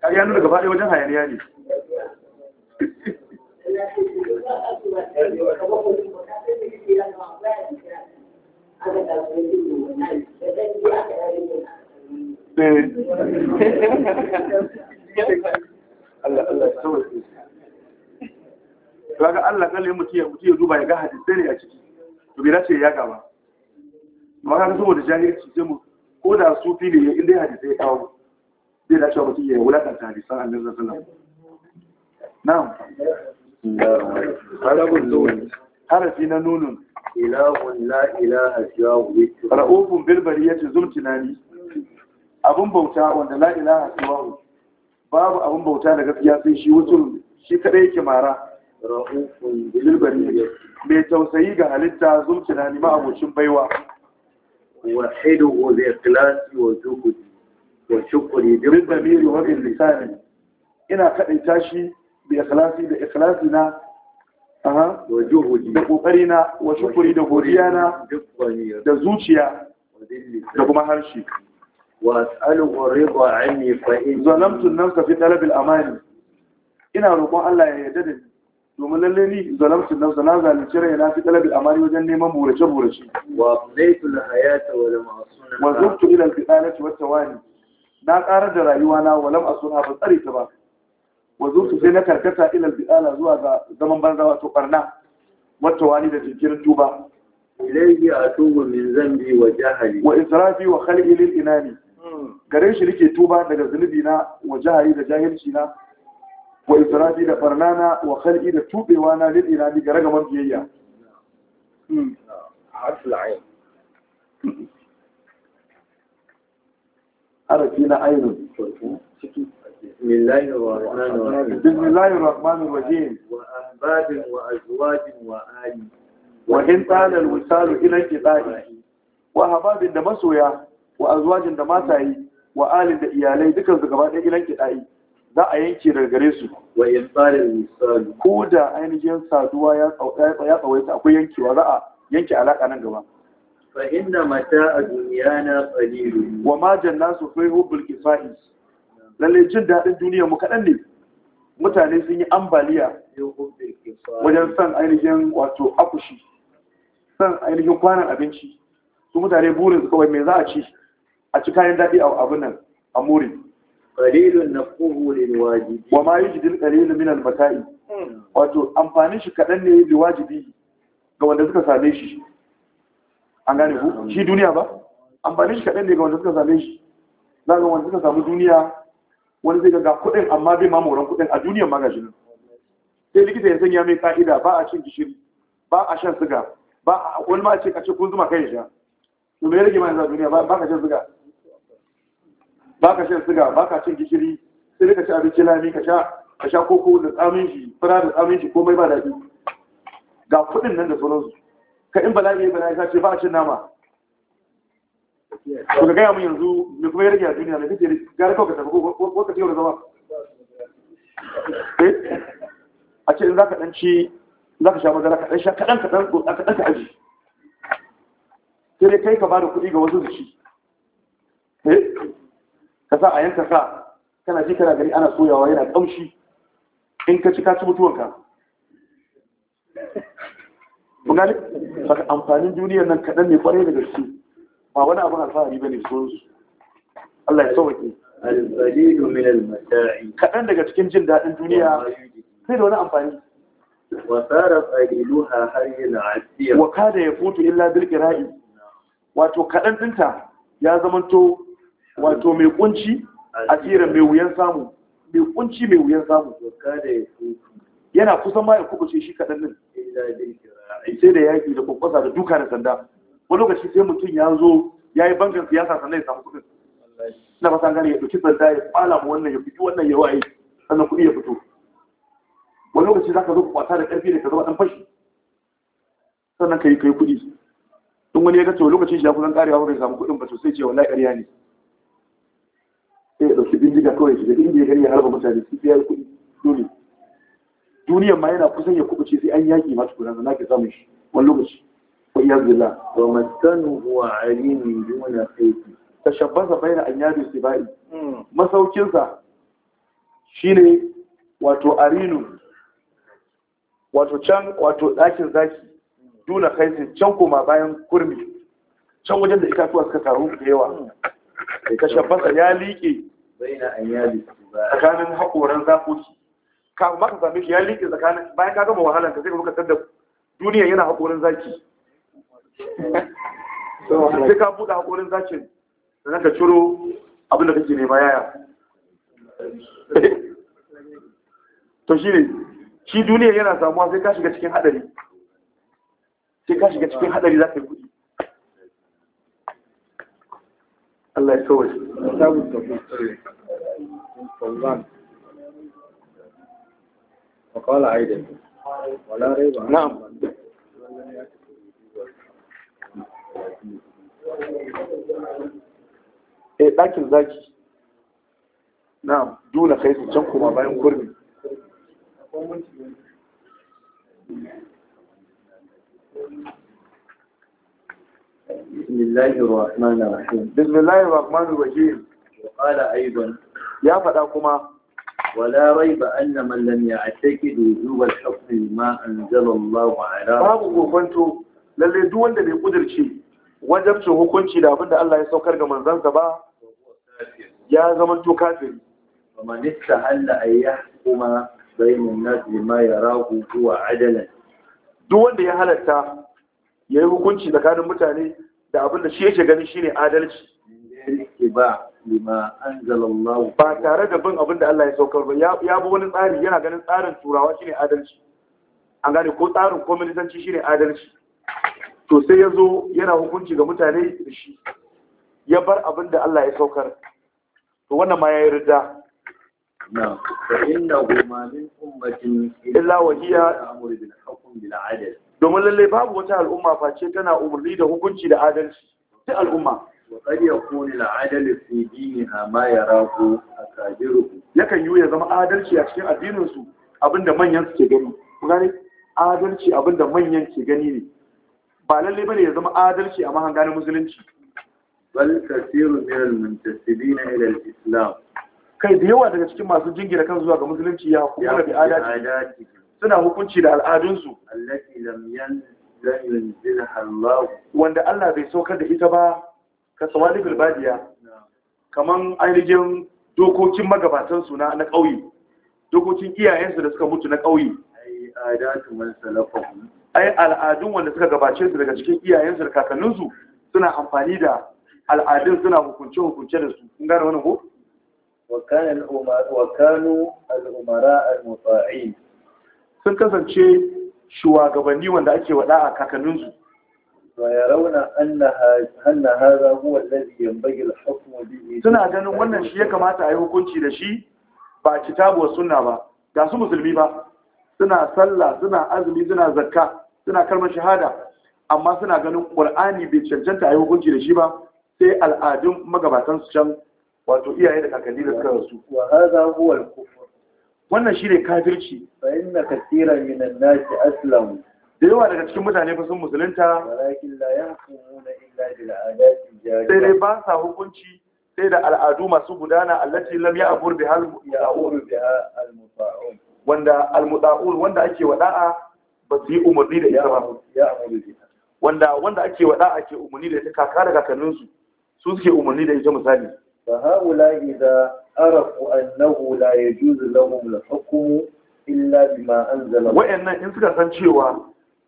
kaga ya nuna gaba ɗaya wajen hayaniya ne Allah Allah kaga Allah ya ya duba ya ga hadisai ne a ciki to bai dace ya gaba amma saboda jahilci sai mu ko da sufi ne inda hadisai ya kawo zai da cewa mutum ya yi wulakanta hadisan annabi sallallahu alaihi wasallam harafi na nunun ilahun la ilaha siwahu ra'ufun bil bariyati zul tunani abun bauta wanda la ilaha siwahu babu abun bauta da gaskiya sai shi wutul shi kadai yake mara ra'ufun bil bariyati mai tausayi ga halitta zul tunani ma abocin baiwa wahidu zai ikhlasi wa zuhudi والشكري بالضمير وباللسان ina kaɗaita shi da ikhlasi da ikhlasi na aha wa shukuri da godiya na da zuciya da kuma harshe wa as'aluhu ridha anni fi talab al ina roƙon Allah ya yarda da ni domin lalle ni na zalunci rai na fi talab al wajen neman burace burace wa zaitu al na ƙarar da rayuwa na walam a suna ba tsare ta ba wa zurtu sai na karkata ilal bi'ala zuwa ga zaman banza wato barna wata wani da jinkirin tuba ilaihi atubu min zambi wa jahali wa israfi wa khalqi lil inani hmm. gare shi nake tuba daga zunubi na wa jahali da jahilci na wa israfi da barna na wa khalqi da tubewa na lil inani gare ga mabiyayya arafi na ainihin ciki millahi rahmanu rahim babin wa azwajin wa ali wa hintan alwisal ila jibali wa hababin da masoya wa azwajin da matayi wa alin da iyalai dukkan su gaba ɗaya ilan kidai za a yanke dangare su wa yanfar alwisal ko da ainihin saduwa ya tsawaita akwai yankewa za a yanke alaƙa nan gaba فإن متاع دنيانا قليل وما جناس في حب الكفائي lalle jin daɗin duniya mu kaɗan ne mutane sun yi ambaliya wajen san ainihin wato akushi san ainihin kwanan abinci su mutane burin su kawai mai za a ci a ci kayan daɗi a abin nan a muri ƙalilun na lil wajibi wa ma yujidil qalilun min al mata'i hmm. wato amfanin shi kaɗan ne lil ga wanda suka same shi an gane ku shi duniya ba amfani shi kaɗan ne ga wanda suka same shi za ga wanda suka samu duniya wani zai ga kuɗin amma bai mamoran kuɗin a duniyar ma nan sai likita ya sanya mai ka'ida ba a cin gishiri ba a shan siga ba a wani ma a ce kace kun zuma kai sha to me rage mai za a duniya ba ka shan siga ba ka shan siga ba ka cin gishiri sai ka ci abinci lami ka sha ka sha koko da tsamin shi fura da tsamin shi komai ba daɗi ga kuɗin nan da sauransu ka in bala'i ya bala'i ka ce ba a cin nama to ka gaya mu yanzu me kuma ya rage a duniya ne kake gara kawai ka tafi ko ka ce wani zama eh? a ce in za ka ɗan ci za ka sha madara ka ɗan sha kaɗan kaɗan a kaɗan ka aji sai dai kai ka bada da kuɗi ga wasu zuci eh? ka sa a yanka ka kana ji kana gari ana soyawa yana ƙamshi in ka ci ka ci mutuwanka kun saka amfanin duniyar nan kaɗan ne kwarai da gaske ba wani abin alfahari ba ne sun su Allah ya sauwaƙe kaɗan daga cikin jin daɗin duniya sai da wani amfani wasara fa'iluha har yana asiya wa kada ya futu illa Bilkira'i, wato kaɗan ɗinta ya zamanto wato mai kunci asira mai wuyan samu mai kunci mai wuyan samu kada ya futu yana kusan ma ya kubuce shi kaɗan nan sai da yaƙi da kwakwasa da duka da sanda wani lokaci sai mutum ya zo ya yi bankin siyasa sannan ya samu kuɗin na fasa gane ya ɗauki sanda ya fala mu wannan ya fiki wannan ya waye sannan kuɗi ya fito wani lokaci za ka zo kwasa da ƙarfi ne ka zama ɗan fashi sannan ka yi kai kuɗi in wani ya ga cewa lokacin shi ya kusan ƙarewa ba ya samu kuɗin ba to sai ce wallahi ƙarya ne sai ya ɗauki bindiga kawai shi da ya gani ya harba mutane sai ya yi kuɗi dole duniyar ma yana kusan ya kubuce sai an yaki masu kuran da nake samun shi wani lokaci ko iya zila wa maskanu wa alimin duna saiti tashabbasa bayna an yadu sibai hmm. masaukinsa shine wato arinu wato can wato ɗakin zaki duna kaisin can kuma bayan kurmi can wajen da ikatuwa suka taru da yawa da hmm. shabbasa ya liƙe tsakanin haƙoran zakoki kafin maka ka same shi ya liƙe tsakanin bayan ka gama wahalar ka sai ka da duniya yana haƙorin zaki sai ka buɗe haƙorin zakin sannan ka ciro abin da kake nema yaya to shi ne shi duniya yana samuwa sai ka shiga cikin haɗari sai ka shiga cikin haɗari za ka yi kuɗi Allah ya kawai. وقال أيضا ولا ريب نعم eh ɗakin zaki na kai su can kuma bayan kurmi bismillahir rahmanir rahim bismillahir rahmanir rahim ya faɗa kuma ولا ريب أن من لم يعتقد وجوب الحكم بما أنزل الله على babu kokonto lalle duk wanda bai kudirce wajabcin hukunci da abinda Allah ya saukar ga manzansa ba ya zama to kafiri man istahalla ay yahkuma bayna an-nas bima yarahu huwa adalan duk wanda ya halatta yayi hukunci tsakanin mutane da abinda shi yake gani shine adalci ba ba tare da bin abin da Allah ya saukar ba ya bi wani tsari yana ganin tsarin turawa shi ne adalci an gane ko tsarin kwaminisanci ne adalci to sai ya zo yana hukunci ga mutane da shi ya bar abin da Allah ya saukar to wannan ma ya yi rida na goma min illa domin lallai babu wata al'umma face tana umarni da hukunci da adalci sai al'umma وقد يكون العدل في دينها ما يراه أكابره yakan yi ya zama adalci a cikin addininsu abinda manyan su ke gani gane adalci abinda manyan ke gani ne ba lalle bane ya zama adalci a mahanganin musulunci bal kasiru min al muntasibin ila al islam kai da yawa daga cikin masu jingira kan zuwa ga musulunci ya hukuma bi adalci suna hukunci da al'adunsu allati lam yanzilha Allah wanda Allah bai saukar da ita ba ka sawali bilbadiya kaman ainihin dokokin magabatansu na na ƙauye dokokin iyayensu da suka mutu na ƙauye ai al'adun wanda suka gabace su daga cikin iyayensu da kakanninsu suna amfani da al'adun suna hukunce hukunce da su kun gane wannan ko wa kanu al'umara al-muta'in sun kasance shugabanni wanda ake wada a kakanninsu ويرون أن هذا هو الذي ينبغي الحكم به suna ganin wannan shi ya kamata a yi hukunci da shi ba kitabu wa sunna ba ga su musulmi ba suna sallah suna azumi suna zakka suna kalmar shahada amma suna ganin qur'ani bai cancanta a yi hukunci da shi ba sai al'adun magabatan su can wato iyaye da kakanni da suka rasu wa hadha huwa al-kufr wannan shine kafirci fa inna kaseeran minan nasi aslamu da yawa daga cikin mutane fa sun musulunta sai dai ba sa hukunci sai da al'adu masu gudana allati lam ya'bur biha al-muta'un wanda al-muta'un wanda ake wada'a ba su yi umarni da ita ba wanda wanda ake wada'a ke umarni da ita kaka da kakanninsu su suke umarni da ita misali fa haula idza arafu annahu la yajuzu lahum al-hukmu illa bima anzala wa'annan in suka san cewa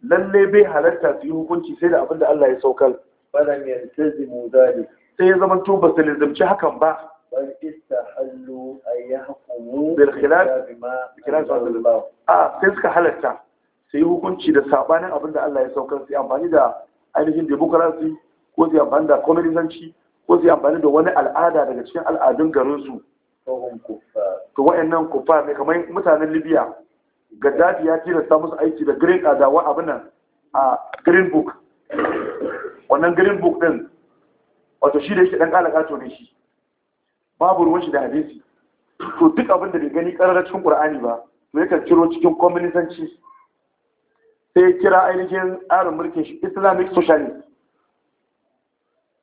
lalle bai halarta su yi hukunci sai da abin da Allah ya saukar falam yaltazimu zalik sai ya zama to ba su lizimci hakan ba bal istahallu ayyahkumu bil khilaf bima khilaf Allah a ah, sai suka halarta su yi hukunci da sabanin abin da Allah ya saukar su yi amfani da ainihin democracy ko su yi amfani da communism ko su yi amfani da wani al'ada daga cikin al'adun garinsu to wa'annan kufa ne kamar mutanen Libya gaddafi ya tilasta musu aiki da green adawa abin nan a green book wannan green book din wato shi da yake dan kala to ne shi babu ruwan shi da hadisi to duk abin da bai gani ƙararra cikin qur'ani ba to yakan ciro cikin communism sai kira ainihin tsarin mulkin shi islamic socialist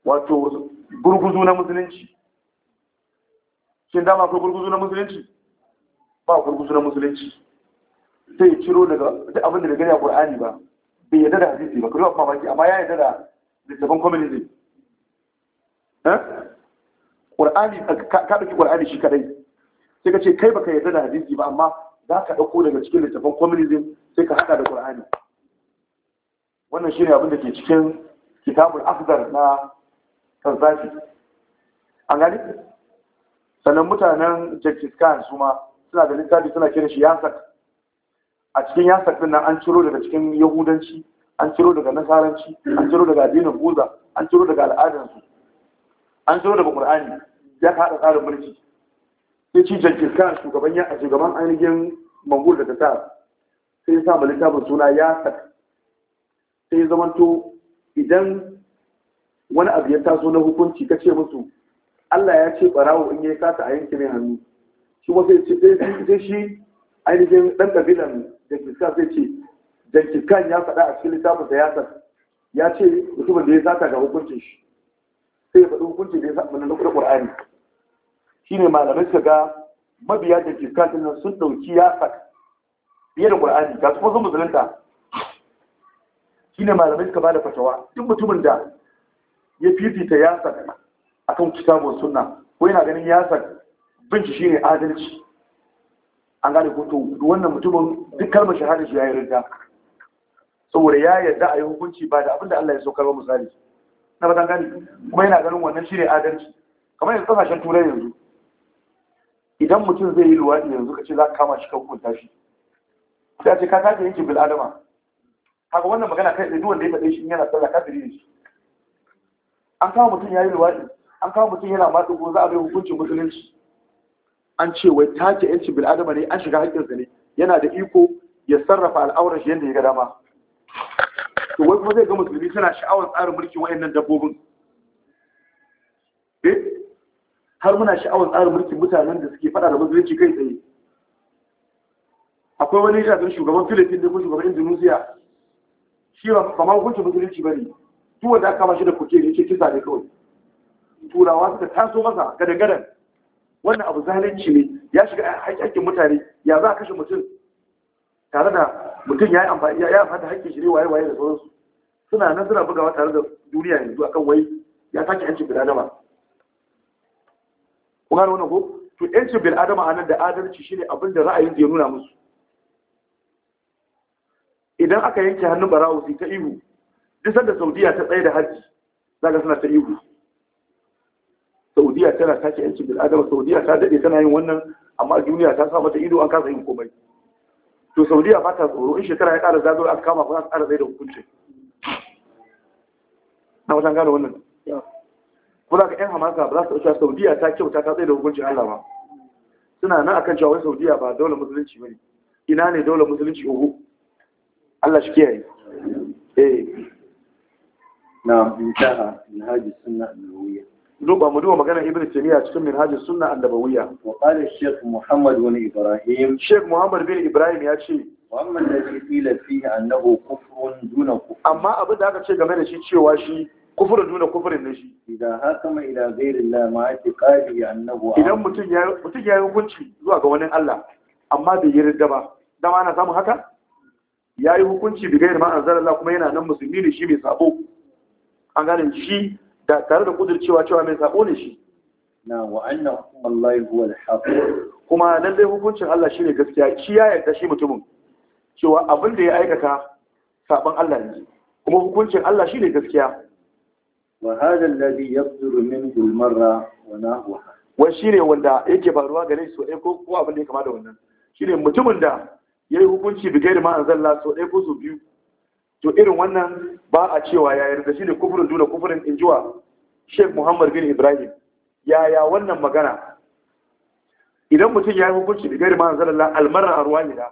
wato gurguzu na musulunci shin dama akwai gurguzu na musulunci ba gurguzu na musulunci sai ya ciro daga duk abin da bai gani a Qur'ani ba bai yarda da hadisi ba kuma mamaki amma ya yarda da littafin communism eh Qur'ani ka dauki Qur'ani shi kadai sai ka ce kai baka yarda da hadisi ba amma za ka dauko daga cikin littafin communism sai ka hada da Qur'ani wannan shine abin da ke cikin kitabul afdar na Kazafi an gani sannan mutanen Genghis su ma suna da littafi suna kiran shi Yasak a cikin yasa din nan an ciro daga cikin yahudanci an ciro daga nasaranci an ciro daga addinin buza an ciro daga al'adansu, an ciro daga qur'ani ya ka haɗa tsarin mulki sai ci jenkins kan shugaban ya shugaban ainihin mangul da ta sai ya sa ma littafin suna yasak sai ya zamanto idan wani abu ya taso na hukunci ka ce musu Allah ya ce barawo in ya kasa a yanke mai hannu shi wasu ya ce eh, sai shi ainihin ɗan ƙabilan jankiskan zai ce da jankiskan ya faɗa a cikin littafin siyasar ya ce mutumin da ya saka ga hukuncin shi sai ya faɗi hukuncin da ya saka na kuɗin ƙur'ani shi ne malamai suka ga mabiya da ɗin sun ɗauki ya saka fiye da ƙur'ani ga su kuma sun musulunta shi ne malamai suka ba da fatawa duk mutumin da ya fifita ya saka akan kitabun sunna ko yana ganin ya saka binci shi ne adalci an gane ko to wannan mutumin duk kalmar shahada shi ya yi rinta saboda ya yarda a yi hukunci ba da abinda Allah ya so karba misali na ba gani kuma yana ganin wannan shi ne adalci kamar yanzu kasashen turai yanzu idan mutum zai yi luwaɗi yanzu ka ce za ka kama shi kan hukunta shi sai ce ka kace yankin bil adama haka wannan magana kai duk wanda ya faɗe shi yana sallah kafiri ne shi an kama mutum ya yi luwaɗi an kama mutum yana matsugo za a bai hukuncin musulunci an ce wai take yanci bil adama ne an shiga haƙƙinsa ne yana da iko ya sarrafa al'aurar yadda ya ga dama to wai kuma zai ga musulmi tana sha'awar tsarin mulkin wayannan dabbobin eh har muna sha'awar tsarin mulkin mutanen da suke fada da musulunci kai tsaye akwai wani shafin shugaban philippines da kuma shugaban indonesia shi ba ma hukuncin musulunci ba ne tuwa wanda aka kama shi da kuke ne ke kisa ne kawai turawa suka taso masa gadagadan wannan abu zalunci ne ya shiga haƙƙin mutane ya za a kashe mutum tare da mutum ya yi amfani ya amfani da haƙƙin shi ne waye waye da sauransu suna nan suna bugawa tare da duniya yanzu akan wai ya sake yancin bil adama ku gane wannan ko to yancin bil adama a nan da adalci shine abin da ra'ayin ya nuna musu idan aka yanke hannun barawo sai ta ihu duk sanda saudiya ta tsaye da hajji zaka suna ta ihu saudiya tana sake yancin bil adama saudiya ta dade tana yin wannan amma duniya ta sa mata ido an kasa yin komai to saudiya ba ta tsoro in shekara ya ƙara zazo aka kama kuma ƙara zai da hukunci. na wajen gane wannan kuma ka yan hamaka ba za su ɗauka saudiya ta kyauta ta tsaye da hukuncin allah ba suna nan akan cewa wai saudiya ba daular musulunci ba ne ina ne daular musulunci uku allah shi kiyaye eh na intaha na hajji sunna da wuya duba mu duba maganar ibnu taymiya cikin minhajus sunna annabawiyya wa qala shaykh muhammad bin ibrahim shaykh muhammad bin ibrahim ya ce wannan da ke fila fihi annahu kufrun duna kufr amma abin da aka ce game da shi cewa shi kufurin duna kufurin ne shi idan haka mai ila gairin la ma ake qali annahu idan mutum ya mutum ya hukunci zuwa ga wani Allah amma bai yi ridda ba dama ana samun haka ya yi hukunci bi gairin ma anzalallah kuma yana nan musulmi ne shi mai sabo an gane shi tare da kudircewa cewa mai sabo ne shi na wa allah hukumallahi huwa al-haq kuma lalle hukuncin Allah shi ne gaskiya shi ya yarda shi mutumin cewa abin da ya aikata saban Allah ne kuma hukuncin Allah shi ne gaskiya wa hada alladhi yaqdiru minhu al-marra wa nahwaha wa shine wanda yake faruwa gare su ɗaya ko ko abin da ya kama da wannan ne mutumin da ya yi hukunci bi gairi ma anzalla so ɗaya ko so biyu to irin wannan ba a cewa ya yarda shi ne kufurin duna kufurin injuwa sheik Muhammad bin Ibrahim yaya wannan magana idan mutum ya yi hukunci da gari ma'an zalala almarar arwa ruwa da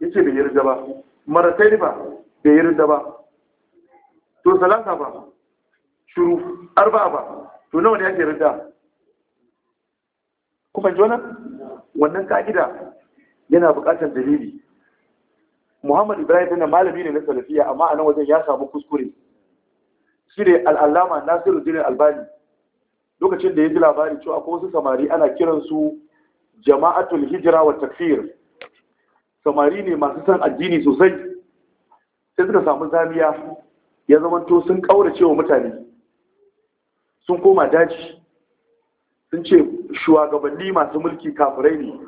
ya ce bai yarda ba maratai ba bai yarda ba to salasa ba shuru arba ba to nawa ne ya ke yarda kuma jona wannan ka'ida yana buƙatar dalili Muhammad Ibrahim din malami ne na salafiya amma a nan wajen ya samu kuskure shi ne al'allama Nasiru jirin Albani lokacin da ya ji labari cewa akwai wasu samari ana kiransu jama'atul hijira wa takfir samari ne masu san addini sosai sai suka samu zamiya ya zamanto sun kaurace wa mutane sun koma daji sun ce shugabanni masu mulki kafirai ne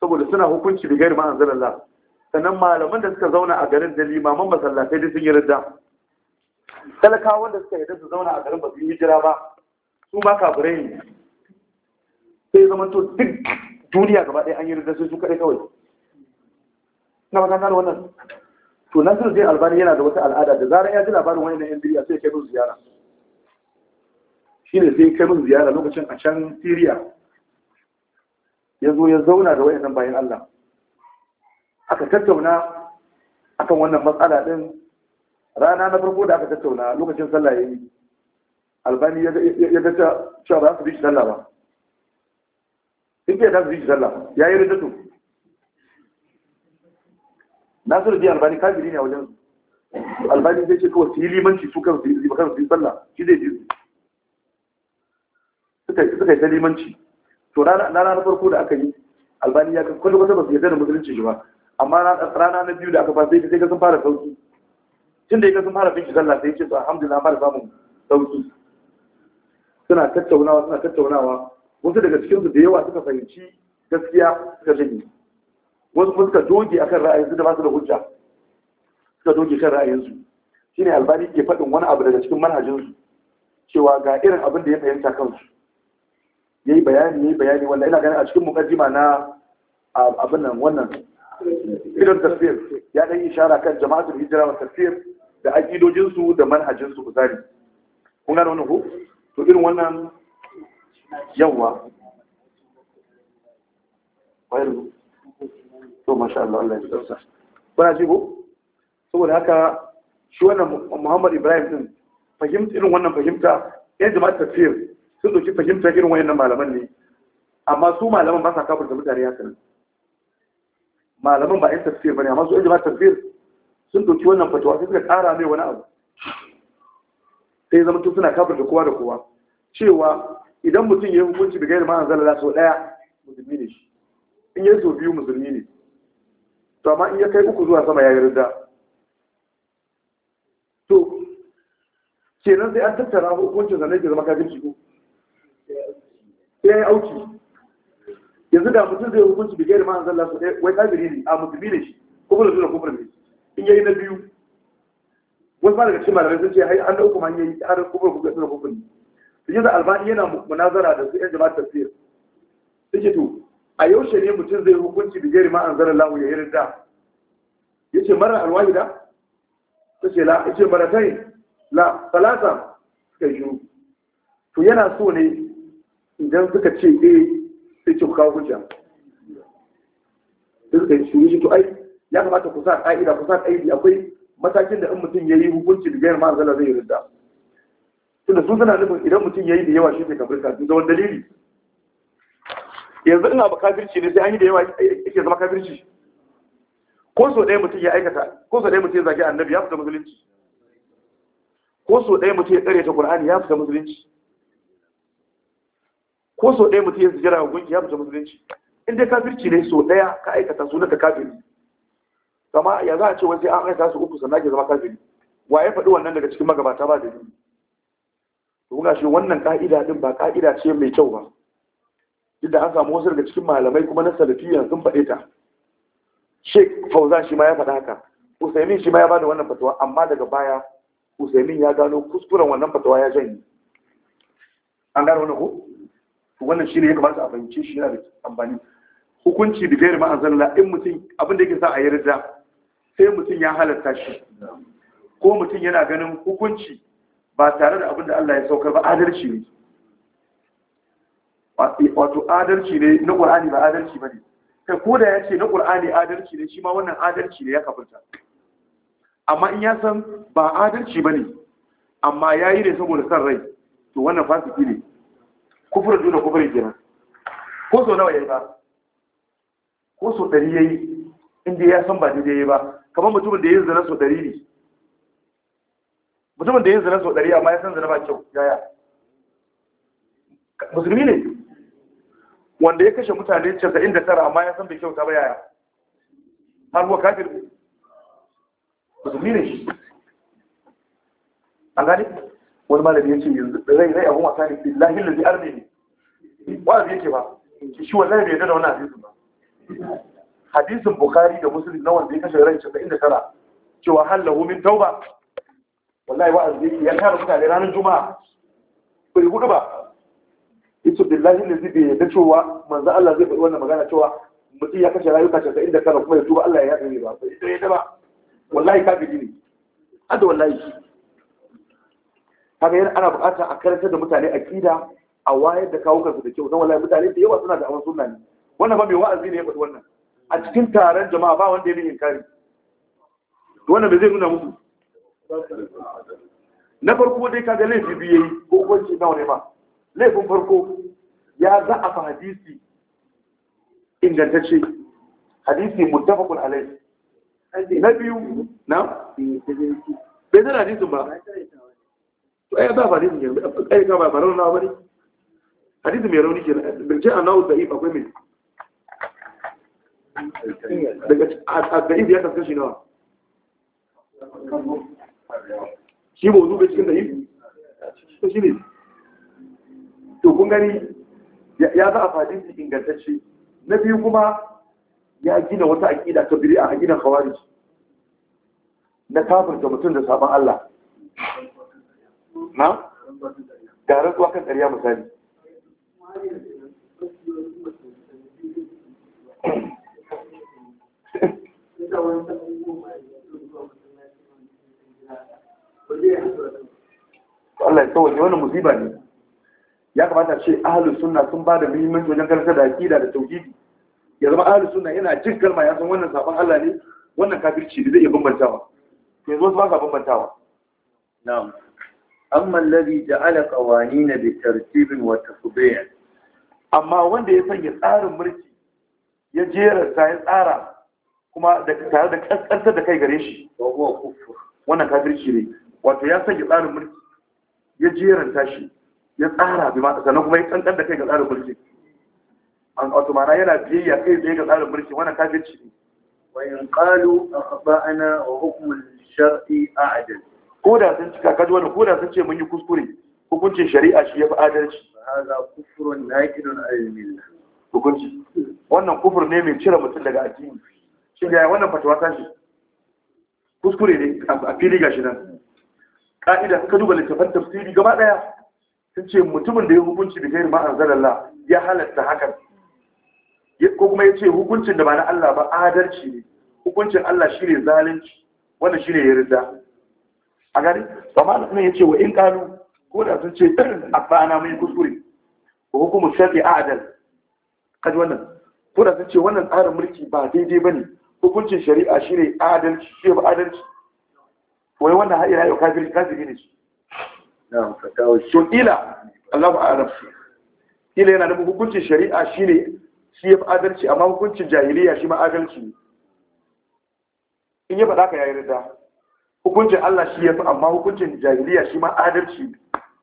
saboda suna hukunci da gairi ma'anzalallah sannan malaman da suka zauna a garin da limaman masallatai da sun yi rida talakawan da suka yi su zauna a garin ba su yi hijira ba su ma kafirai ne sai zama to duk duniya gaba ɗaya an yi rida sai su kaɗai kawai na maka gano wannan to nasiru zai albani yana da wata al'ada da zarar ya ji labarin wani na yan diriya sai kai mun ziyara shine sai kai mun ziyara lokacin a can siriya ya zo ya zauna da wayannan bayan allah aka tattauna akan wannan matsala din rana na farko da aka tattauna lokacin sallah yayi albani ya ga cewa ba su bishi sallah ba in ke da su bishi sallah ya yi ridatu nasiru ji albani kabiri ne a wajen albani zai ce kawai su yi limanci su kan su yi sallah shi zai ji suka yi ta limanci to rana na farko da aka yi albani ya kan kwallo kwata ba su yadda da musulunci shi ba amma rana na biyu da aka ba sai ka sun fara sauki cin da ya sun fara binci zalla sai ya ce to alhamdulillah fara samun sauki suna tattaunawa suna tattaunawa wasu daga cikinsu da yawa suka fahimci gaskiya suka janye wasu kuma suka doge akan ra'ayinsu da masu da hujja suka doge kan ra'ayinsu shine albani ke faɗin wani abu daga cikin manhajinsu cewa ga irin abin da ya fahimta kansu yayi bayani yayi bayani wanda ina ganin a cikin mukaddima na abin nan wannan irin tafsir ya dan ishara kan jama'atul hijira wa tafsir da akidojinsu da manhajinsu ku zari kun gane wannan ko to irin wannan yawa bayar to masha Allah Allah ya tsarsa kuna ji ko saboda haka shi wannan Muhammad Ibrahim din fahimta irin wannan fahimta yan jama'atul tafsir sun dauki fahimta irin wayannan malaman ne amma su malaman ba sa kafirta mutane haka nan malaman ba yan tafsir bane amma su yan jama'a tafsir sun doki wannan fatawa sai suka ƙara mai wani abu sai zama tun suna kafar da kowa da kowa cewa idan mutum ya yi hukunci daga yadda ma'an zalala sau ɗaya musulmi ne shi in ya zo biyu musulmi ne to amma in ya kai uku zuwa sama ya yarda to kenan sai an tattara hukuncin zanen ke zama kafin shigo sai ya yi auki yanzu da mutum zai hukunci bi gairi ma'an zalla su ɗaya wai kafiri ne a biyu ne shi kuma da suna kufur ne in yayi na biyu wasu ma daga cikin malamai sun ce hai an dauko man yayi har kufur kufur suna kufur ne su yanzu albani yana munazara da su yan jama'a tafsir suke to a yaushe ne mutum zai hukunci bi gairi ma'an zalla lahu ya yi ridda ya ce mara alwahida ta ce la yace ce mara tai la salasa suka yi to yana so ne idan suka ce eh sai ce ku kawo hujja sai suka yi shi to ai ya kamata ku sa ka'ida ku sa kaidi akwai matakin da in mutum ya yi hukunci da gayar ma'azala zai rinda tunda Su suna nufin idan mutum ya yi da yawa shi ne kamar kafin da wani dalili yanzu ina ba kafirci ne sai an yi da yawa yake zama kafirci ko so ɗaya mutum ya aikata ko so ɗaya mutum ya zage annabi ya fita musulunci ko so ɗaya mutum ya tsare ta qur'ani ya fita musulunci ko so ɗaya mutum ya sujjara wa gunki ya fita musulunci in dai kafirci ne so ɗaya ka aikata su ka kafiri kama ya za a ce wasu an aikata su uku sannan ke zama kafiri wa ya faɗi wannan daga cikin magabata ba da ni to ga shi wannan ka'ida din ba ka'ida ce mai kyau ba duk da an samu wasu daga cikin malamai kuma na salafiyya sun faɗe ta sheik fauzan shi ma ya faɗa haka usaimin shi ma ya bada wannan fatawa amma daga baya usaimin ya gano kuskuren wannan fatawa ya janye an gano wani ko wannan shi ne ya kamata a fahimci shi yana da amfani hukunci da gairi ma'azalla in mutum abin da yake sa a yarda sai mutum ya halatta shi ko mutum yana ganin hukunci ba tare da abin da Allah ya saukar ba adalci ne e, wato adalci ne na ƙur'ani ba adalci ba ne kai ko da ya ce na ƙur'ani adalci ne shi ma wannan adalci ne ya kafirta amma in ya san ba adalci ba ne amma ya yi ne saboda san rai to wannan fasiki ne kufurin juna kufurin kenan ko so nawa ya yi ba ko so ɗari ya yi inda ya san ba daidai ya yi ba kamar mutumin da ya yi zina so ɗari ne mutumin da ya yi zina so ɗari amma ya san zina ba kyau yaya musulmi ne wanda ya kashe mutane da tara amma ya san bai kyau ta ba yaya har kuwa kafir musulmi ne shi. an gani wani malami ya ce yanzu zai zai abin wasa ne billahi lazi arme ne wa'azi yake ba shi wallahi bai yarda da wannan hadisin ba hadisun bukhari da musulun na wanda ya kashe inda tara? cewa hallahu min tauba wallahi wa'azi yake ya kare mutane ranar juma'a bai gudu ba yace billahi lazi bai yarda cewa manzo Allah zai faɗi wannan magana cewa mutum ya kashe rayuka tara, kuma ya tuba Allah ya yaɗe ba bai yarda ba wallahi kafiri ne hada wallahi haka yana ana buƙatar a karantar da mutane a kida a wayar da kawo kansu da kyau don wallahi mutane da yawa suna da awon sunna ne wannan ba mai wa'azi ne ya faɗi wannan a cikin taron jama'a ba wanda ya yi inkari wannan bai zai nuna musu na farko dai kaga laifi biyu yayi ko hukunci nawa ne ma laifin farko ya za a fa hadisi ingantacce hadisi muttafaqun alaihi na biyu na bai zai hadisin ba to eh, ai ba hadisi ne ai ka ba ba rauna ba ne hadisi mai rauni kenan bil ja'a na'u da'if akwai mai daga a da'if ya shi nawa shi ba zube cikin da'if to shi ne to kun gani ya za a fadin ingantacce na biyu kuma ya gina wata aƙida ta biri a aƙidan khawarij na kafirta mutum da sabon Allah na garin zuwa kan tsariya misali Allah ya tsawaje wani musiba ne ya kamata ce ahalus suna sun ba da muhimmanci wajen karanta da haƙi da tauhidi ya zama ahalus suna yana jin kalma ya san wannan sabon Allah ne wannan kafirci da zai iya bambantawa ke yanzu wasu ba sabon bambantawa na'am amma alladhi ja'ala na bi tartibin wa tafdil amma wanda ya sanya tsarin mulki ya jera ya tsara kuma tare da kaskantar da kai gare shi wa huwa kufur wannan kafirci ne wato ya sanya tsarin mulki ya jera shi ya tsara bi kuma ya kankan da kai ga tsarin mulki ma'ana yana biyayya kai ga tsarin mulki wannan ne wa ko da sun cika kaji wani ko da sun ce mun yi kuskure hukuncin shari'a shi ya fi adalci hukunci wannan kufur ne mai cire mutum daga addini shi ga wannan fatawa ta shi kuskure ne a fili gashi nan ka'ida suka duba littafan tafsiri gaba daya sun ce mutumin da ya hukunci da gairi ma'an zalalla ya halatta hakan ko kuma ya ce hukuncin da ba na Allah ba adalci ne hukuncin Allah shi ne zalunci wannan shi ne ya rida a gari ba ma suna ya ce wa in kanu ko da sun ce a bana mai kuskure ko hukumu shafi a adal kaji wannan ko da sun ce wannan tsarin mulki ba daidai ba ne hukuncin shari'a shi ne adalci shi ba adalci wai wannan haɗe na yau kafin ne shi to ila Allah ba arab ila yana nufin hukuncin shari'a shi ne shi ya fi adalci amma hukuncin jahiliya shi ma adalci ne in yi faɗa ka yayi rida hukuncin Allah shi ya fi amma hukuncin jahiliya shi ma adalci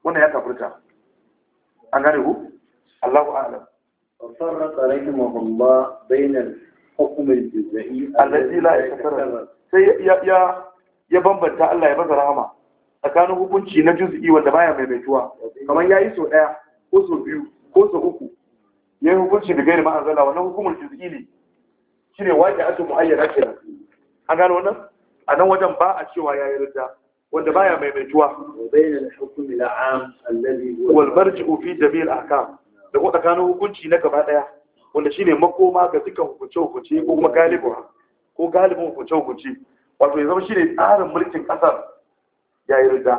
wanda ya kafirta an gane ku Allahu a'lam farraqa rahimahullah bainal hukm al-juz'i alladhi la sai ya ya bambanta Allah ya baza rahama tsakanin hukunci na juz'i wanda baya maimaituwa kamar yayi so daya ko biyu ko sau uku yi hukunci da gairi ma'azala wannan hukumar juz'i ne Shi ne shine ake muayyana ke nan an gano wannan a nan wajen ba a cewa ya yi ridda wanda ba ya maimaituwa wal marji'u fi jami'il ahkam da kuma tsakanin hukunci na gaba daya wanda shine makoma ga duka hukunce hukunce ko kuma galibin ko galibin hukunce hukunce wato ya zama shine tsarin mulkin kasar ya yi ridda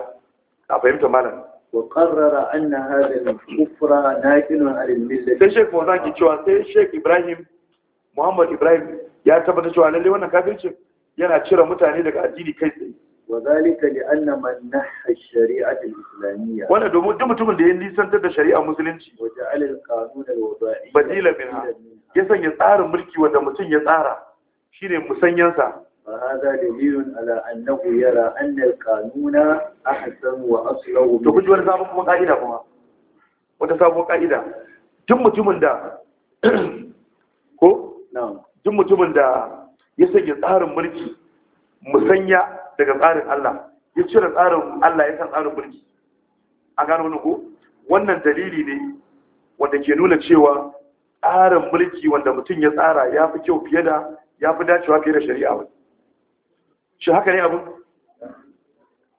a fahimta malam anna hadha al-kufra naqilun al-millah sai Sheikh ki cewa sai Sheikh Ibrahim Muhammad Ibrahim ya tabbata cewa lalle wannan kafircin yana cire mutane daga addini kai tsaye wazalika ne an man na shari'a da islamiyya wanda domin duk mutumin da ya nisantar da shari'a musulunci wajen alil kanun al-wada'i badila min ha ya sanya tsarin mulki wanda mutum ya tsara shine musanyan sa fa hada ala annahu yara anna al-kanuna ahsan wa aslahu to kuji wani sabon kuma kaida kuma ya sanya tsarin mulki musanya daga tsarin Allah ya cire tsarin Allah ya san tsarin mulki a gano wani ko wannan dalili ne wanda ke nuna cewa tsarin mulki wanda mutum ya tsara ya fi kyau fiye da ya fi dacewa fiye da shari'a ba shi haka ne abu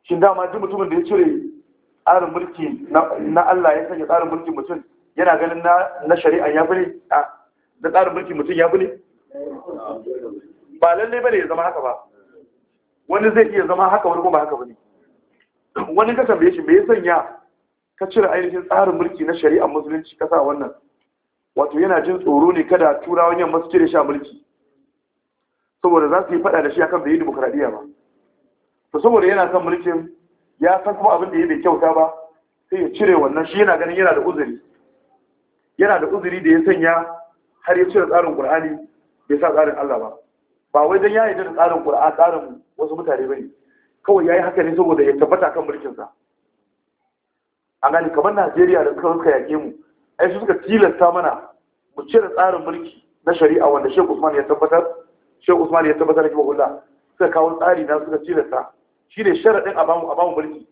shi dama duk mutumin da ya cire tsarin mulki na Allah ya sanya tsarin mulki mutum yana ganin na shari'a ya fi ne na tsarin mulki mutum ya fi ne ba lalle bane ya zama haka ba wani zai iya zama haka wani kuma haka bane wani ka tambaye shi me ya sanya ka cire ainihin tsarin mulki na shari'ar musulunci ka sa wannan wato yana jin tsoro ne kada turawa yamma su cire shi a mulki saboda za su yi faɗa da shi akan bai yi demokradiyya ba to saboda yana son mulkin ya san kuma abin da ya bai kyauta ba sai ya cire wannan shi yana ganin yana da uzuri yana da uzuri da ya sanya har ya cire tsarin Qur'ani bai sa tsarin Allah ba ba wai don ya yi da tsarin ƙura'a tsarin wasu mutane ne. kawai ya yi haka ne saboda ya tabbata kan mulkinsa. a gani kamar Najeriya da suka suka yaƙe mu ai su suka tilasta mana mu cire tsarin mulki na shari'a wanda shehu Usman ya tabbatar shehu Usman ya tabbatar da Allah suka kawo tsari na suka tilasta shi ne sharaɗin a bamu a bamu mulki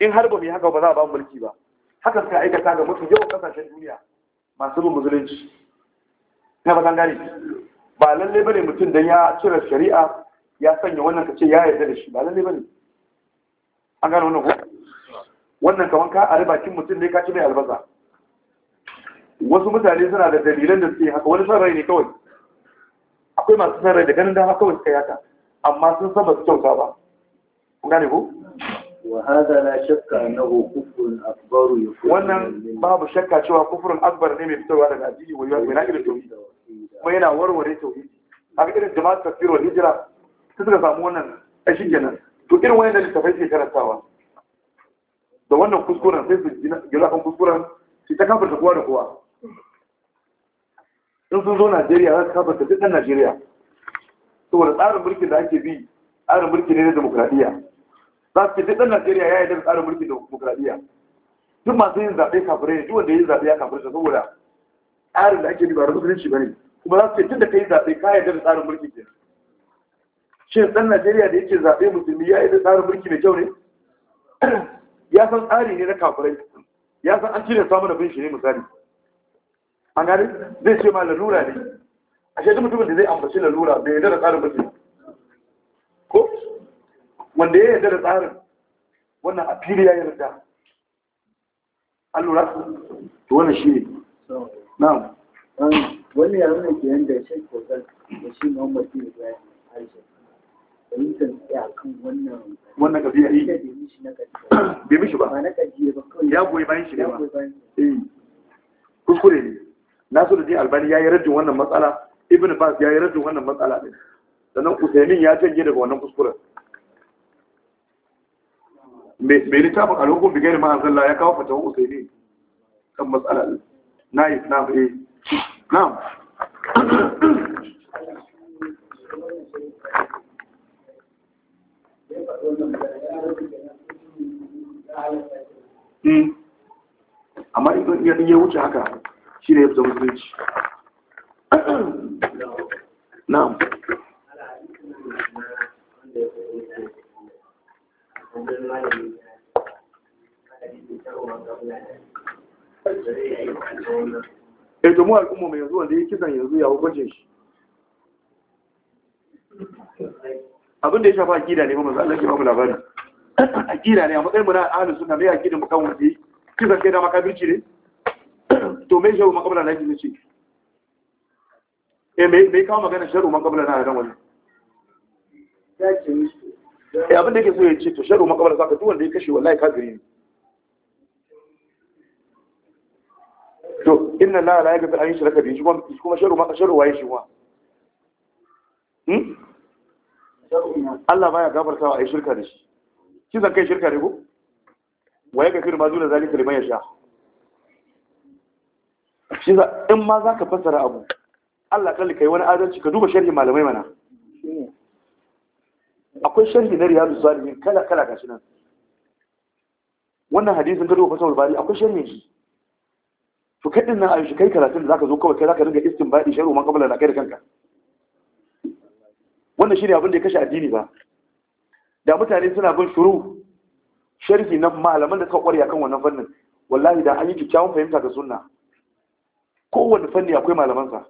in har ba mu yi haka ba za a bamu mulki ba haka suka aikata ga mutum yawan kasashen duniya masu bin musulunci na ba gari ba lalle bane mutum don ya cire shari'a ya sanya wannan ka ce ya yarda da shi ba lalle bane an gano wannan ko wannan kaman ka a bakin mutum ne ka ci mai albasa wasu mutane suna da dalilan da suke haka wani sarrai ne kawai akwai masu sarrai da ganin dama kawai suka yaka amma sun san ba su kyauta ba kun gane ko وهذا لا شك أنه كفر أكبر يكون wannan babu shakka cewa kufrun akbar ne mai fitarwa daga addini wa mai irin tauhid kuma yana warware tauhidi a ga irin jama'at tafsir wal hijra su suka samu wannan aishin kenan to irin wani da littafai ke karantawa da wannan kuskuren sai su gina kan kuskuren su ta ta kowa da kowa in sun zo najeriya za su kafa duk ɗan najeriya saboda tsarin mulkin da ake bi tsarin mulki ne na demokradiyya za su ce duk ɗan najeriya ya yi da tsarin mulkin demokradiyya duk masu yin zaɓe kafirai duk wanda ya yi zaɓe ya kafirai saboda tsarin da ake bi ba da musulunci ba ne kuma za su ce tun da ka yi zaɓe ka yarda da tsarin mulki ke shin ɗan najeriya da yake zaɓe musulmi ya yi da tsarin mulki mai kyau ne ya san tsari ne na kafirai ya san an cire samun abin shi ne misali an gani zai ce ma lalura ne a shi mutumin da zai ambaci lalura bai yadda da tsarin mulki ko wanda ya yadda da tsarin wannan a fili ya yarda an lura to wannan shi ne na'am wannan ya ke yanda shi da shi bin ibrahim aisha tsaye a kan wannan wannan yi bai mishi ba ya goyi bayan shi ne ba eh. kuskure ne nasu da albani ya yi rajin wannan matsala ibn bas ya yi rajin wannan matsala ne. sannan usaimin ya canje daga wannan kuskuren mai littafin alhukum bigayar ma'azalla ya kawo fatawar usaimin kan matsala ne. na'if eh. hmm. amma yadda ya wuce haka shi ne ya fita musulunci na'am Thank you. e to mu al'umma mai yanzu wanda ya kisan yanzu ya hukunce shi abin da ya shafa akida ne mamman Allah ke ba mu labari akida ne a matsayin mu na ahlus sunna mai akidin mu kan wanda kisan kai da makabirci ne to mai shawo makabala na kisan ce eh mai kawo magana sharu makabala na ran wani eh abin da yake so ya ce to sharu makabala saka duk wanda ya kashe wallahi kafiri ne inna la la yaghfiru an yushraka bihi shi kuma sharu ma sharu waye shi kuma hmm? Allah baya gafarta wa ai shirka da shi kisan kai shirka ne ko waye ga firma dole zalika liman yasha shi za in ma zaka fassara abu Allah kalli kai wani adalci ka duba sharhi malamai mana akwai sharhi na riyadu salihin kala kala gashi nan wannan hadisin ka duba fasahul bari akwai sharhi shi to kai din nan a shi kai karatun da zaka zo kawai kai zaka dinga istinbadi sharu man kabala na kai da kanka wannan shine abin da ya kashe addini ba da mutane suna bin shuru sharhi na malaman da suka kware akan wannan fannin wallahi da an yi kyakkyawan fahimta ga sunna kowanne fanni akwai malamansa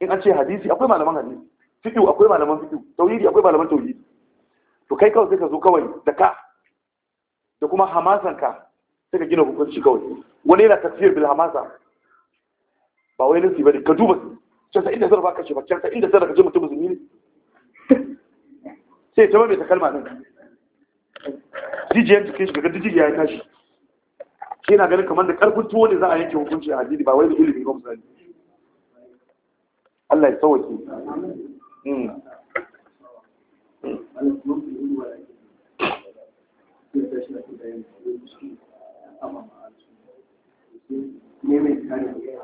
in an ce hadisi akwai malaman hadisi fiqh akwai malaman fiqh tauhidi akwai malaman tauhidi to kai kawai sai ka zo kawai da ka da kuma hamasan ka sai ka gina hukunci kawai wani yana tafiyar bil hamasa ba wani nasi bane ka duba can sa inda zarafa ka shi ba can sa inda zarafa ka je mutum musulmi ne sai ta mai ta kalma nan. jijiyar jikin shi daga jijiyar ya tashi shi na ganin kamar da karfin tuwo ne za a yanke hukunci a hadidi ba wai da ilimin ba misali Allah ya tsawaki hmm. hmm. ne mai tsari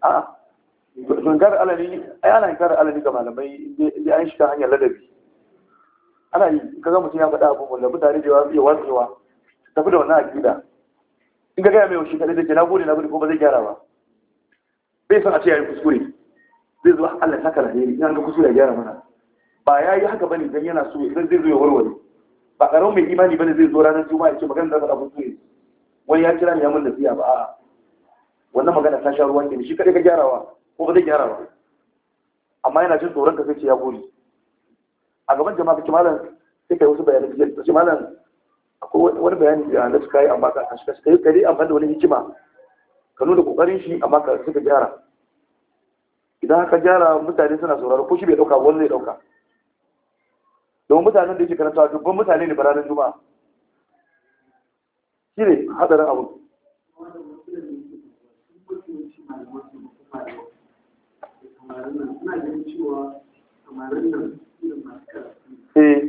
a zangar alali ai ana yin karar alali ga malamai inda an shiga hanyar ladabi ana yi kaga mutum ya faɗa abubuwan da mutane da yawa watsewa tafi da wannan akida in ga gaya mai wasu kaɗai da ke na gode na gode ko ba zai gyara ba bai san a ce ya yi kuskure zai zo Allah saka lahiri in an ga kuskure ya gyara mana ba ya yi haka bane dan yana so idan zai zo ya warware ba karamin mai imani bane zai zo ranar juma'a ya ce magana da faɗa kuskure wani ya kira ni ya mun ba a wannan magana ta sha ruwan ne shi kaɗai ka gyarawa ko ba zai gyara ba amma yana jin tsoron ka sai ce ya gori a gaban jama'a kake malam sai kai wasu bayanai biyar, kake malam akwai wani bayani da na suka yi amma ka kashi kashi kai kai amfani da wani hikima ka nuna kokarin shi amma ka suka gyara idan ka gyara mutane suna sauraro ko shi bai dauka wani zai dauka domin mutanen da yake karanta dubban mutane ne baranin juma'a shi ne hadarin abu eh.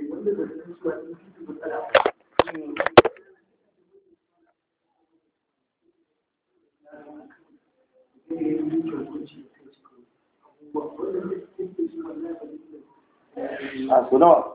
a ah, sunawa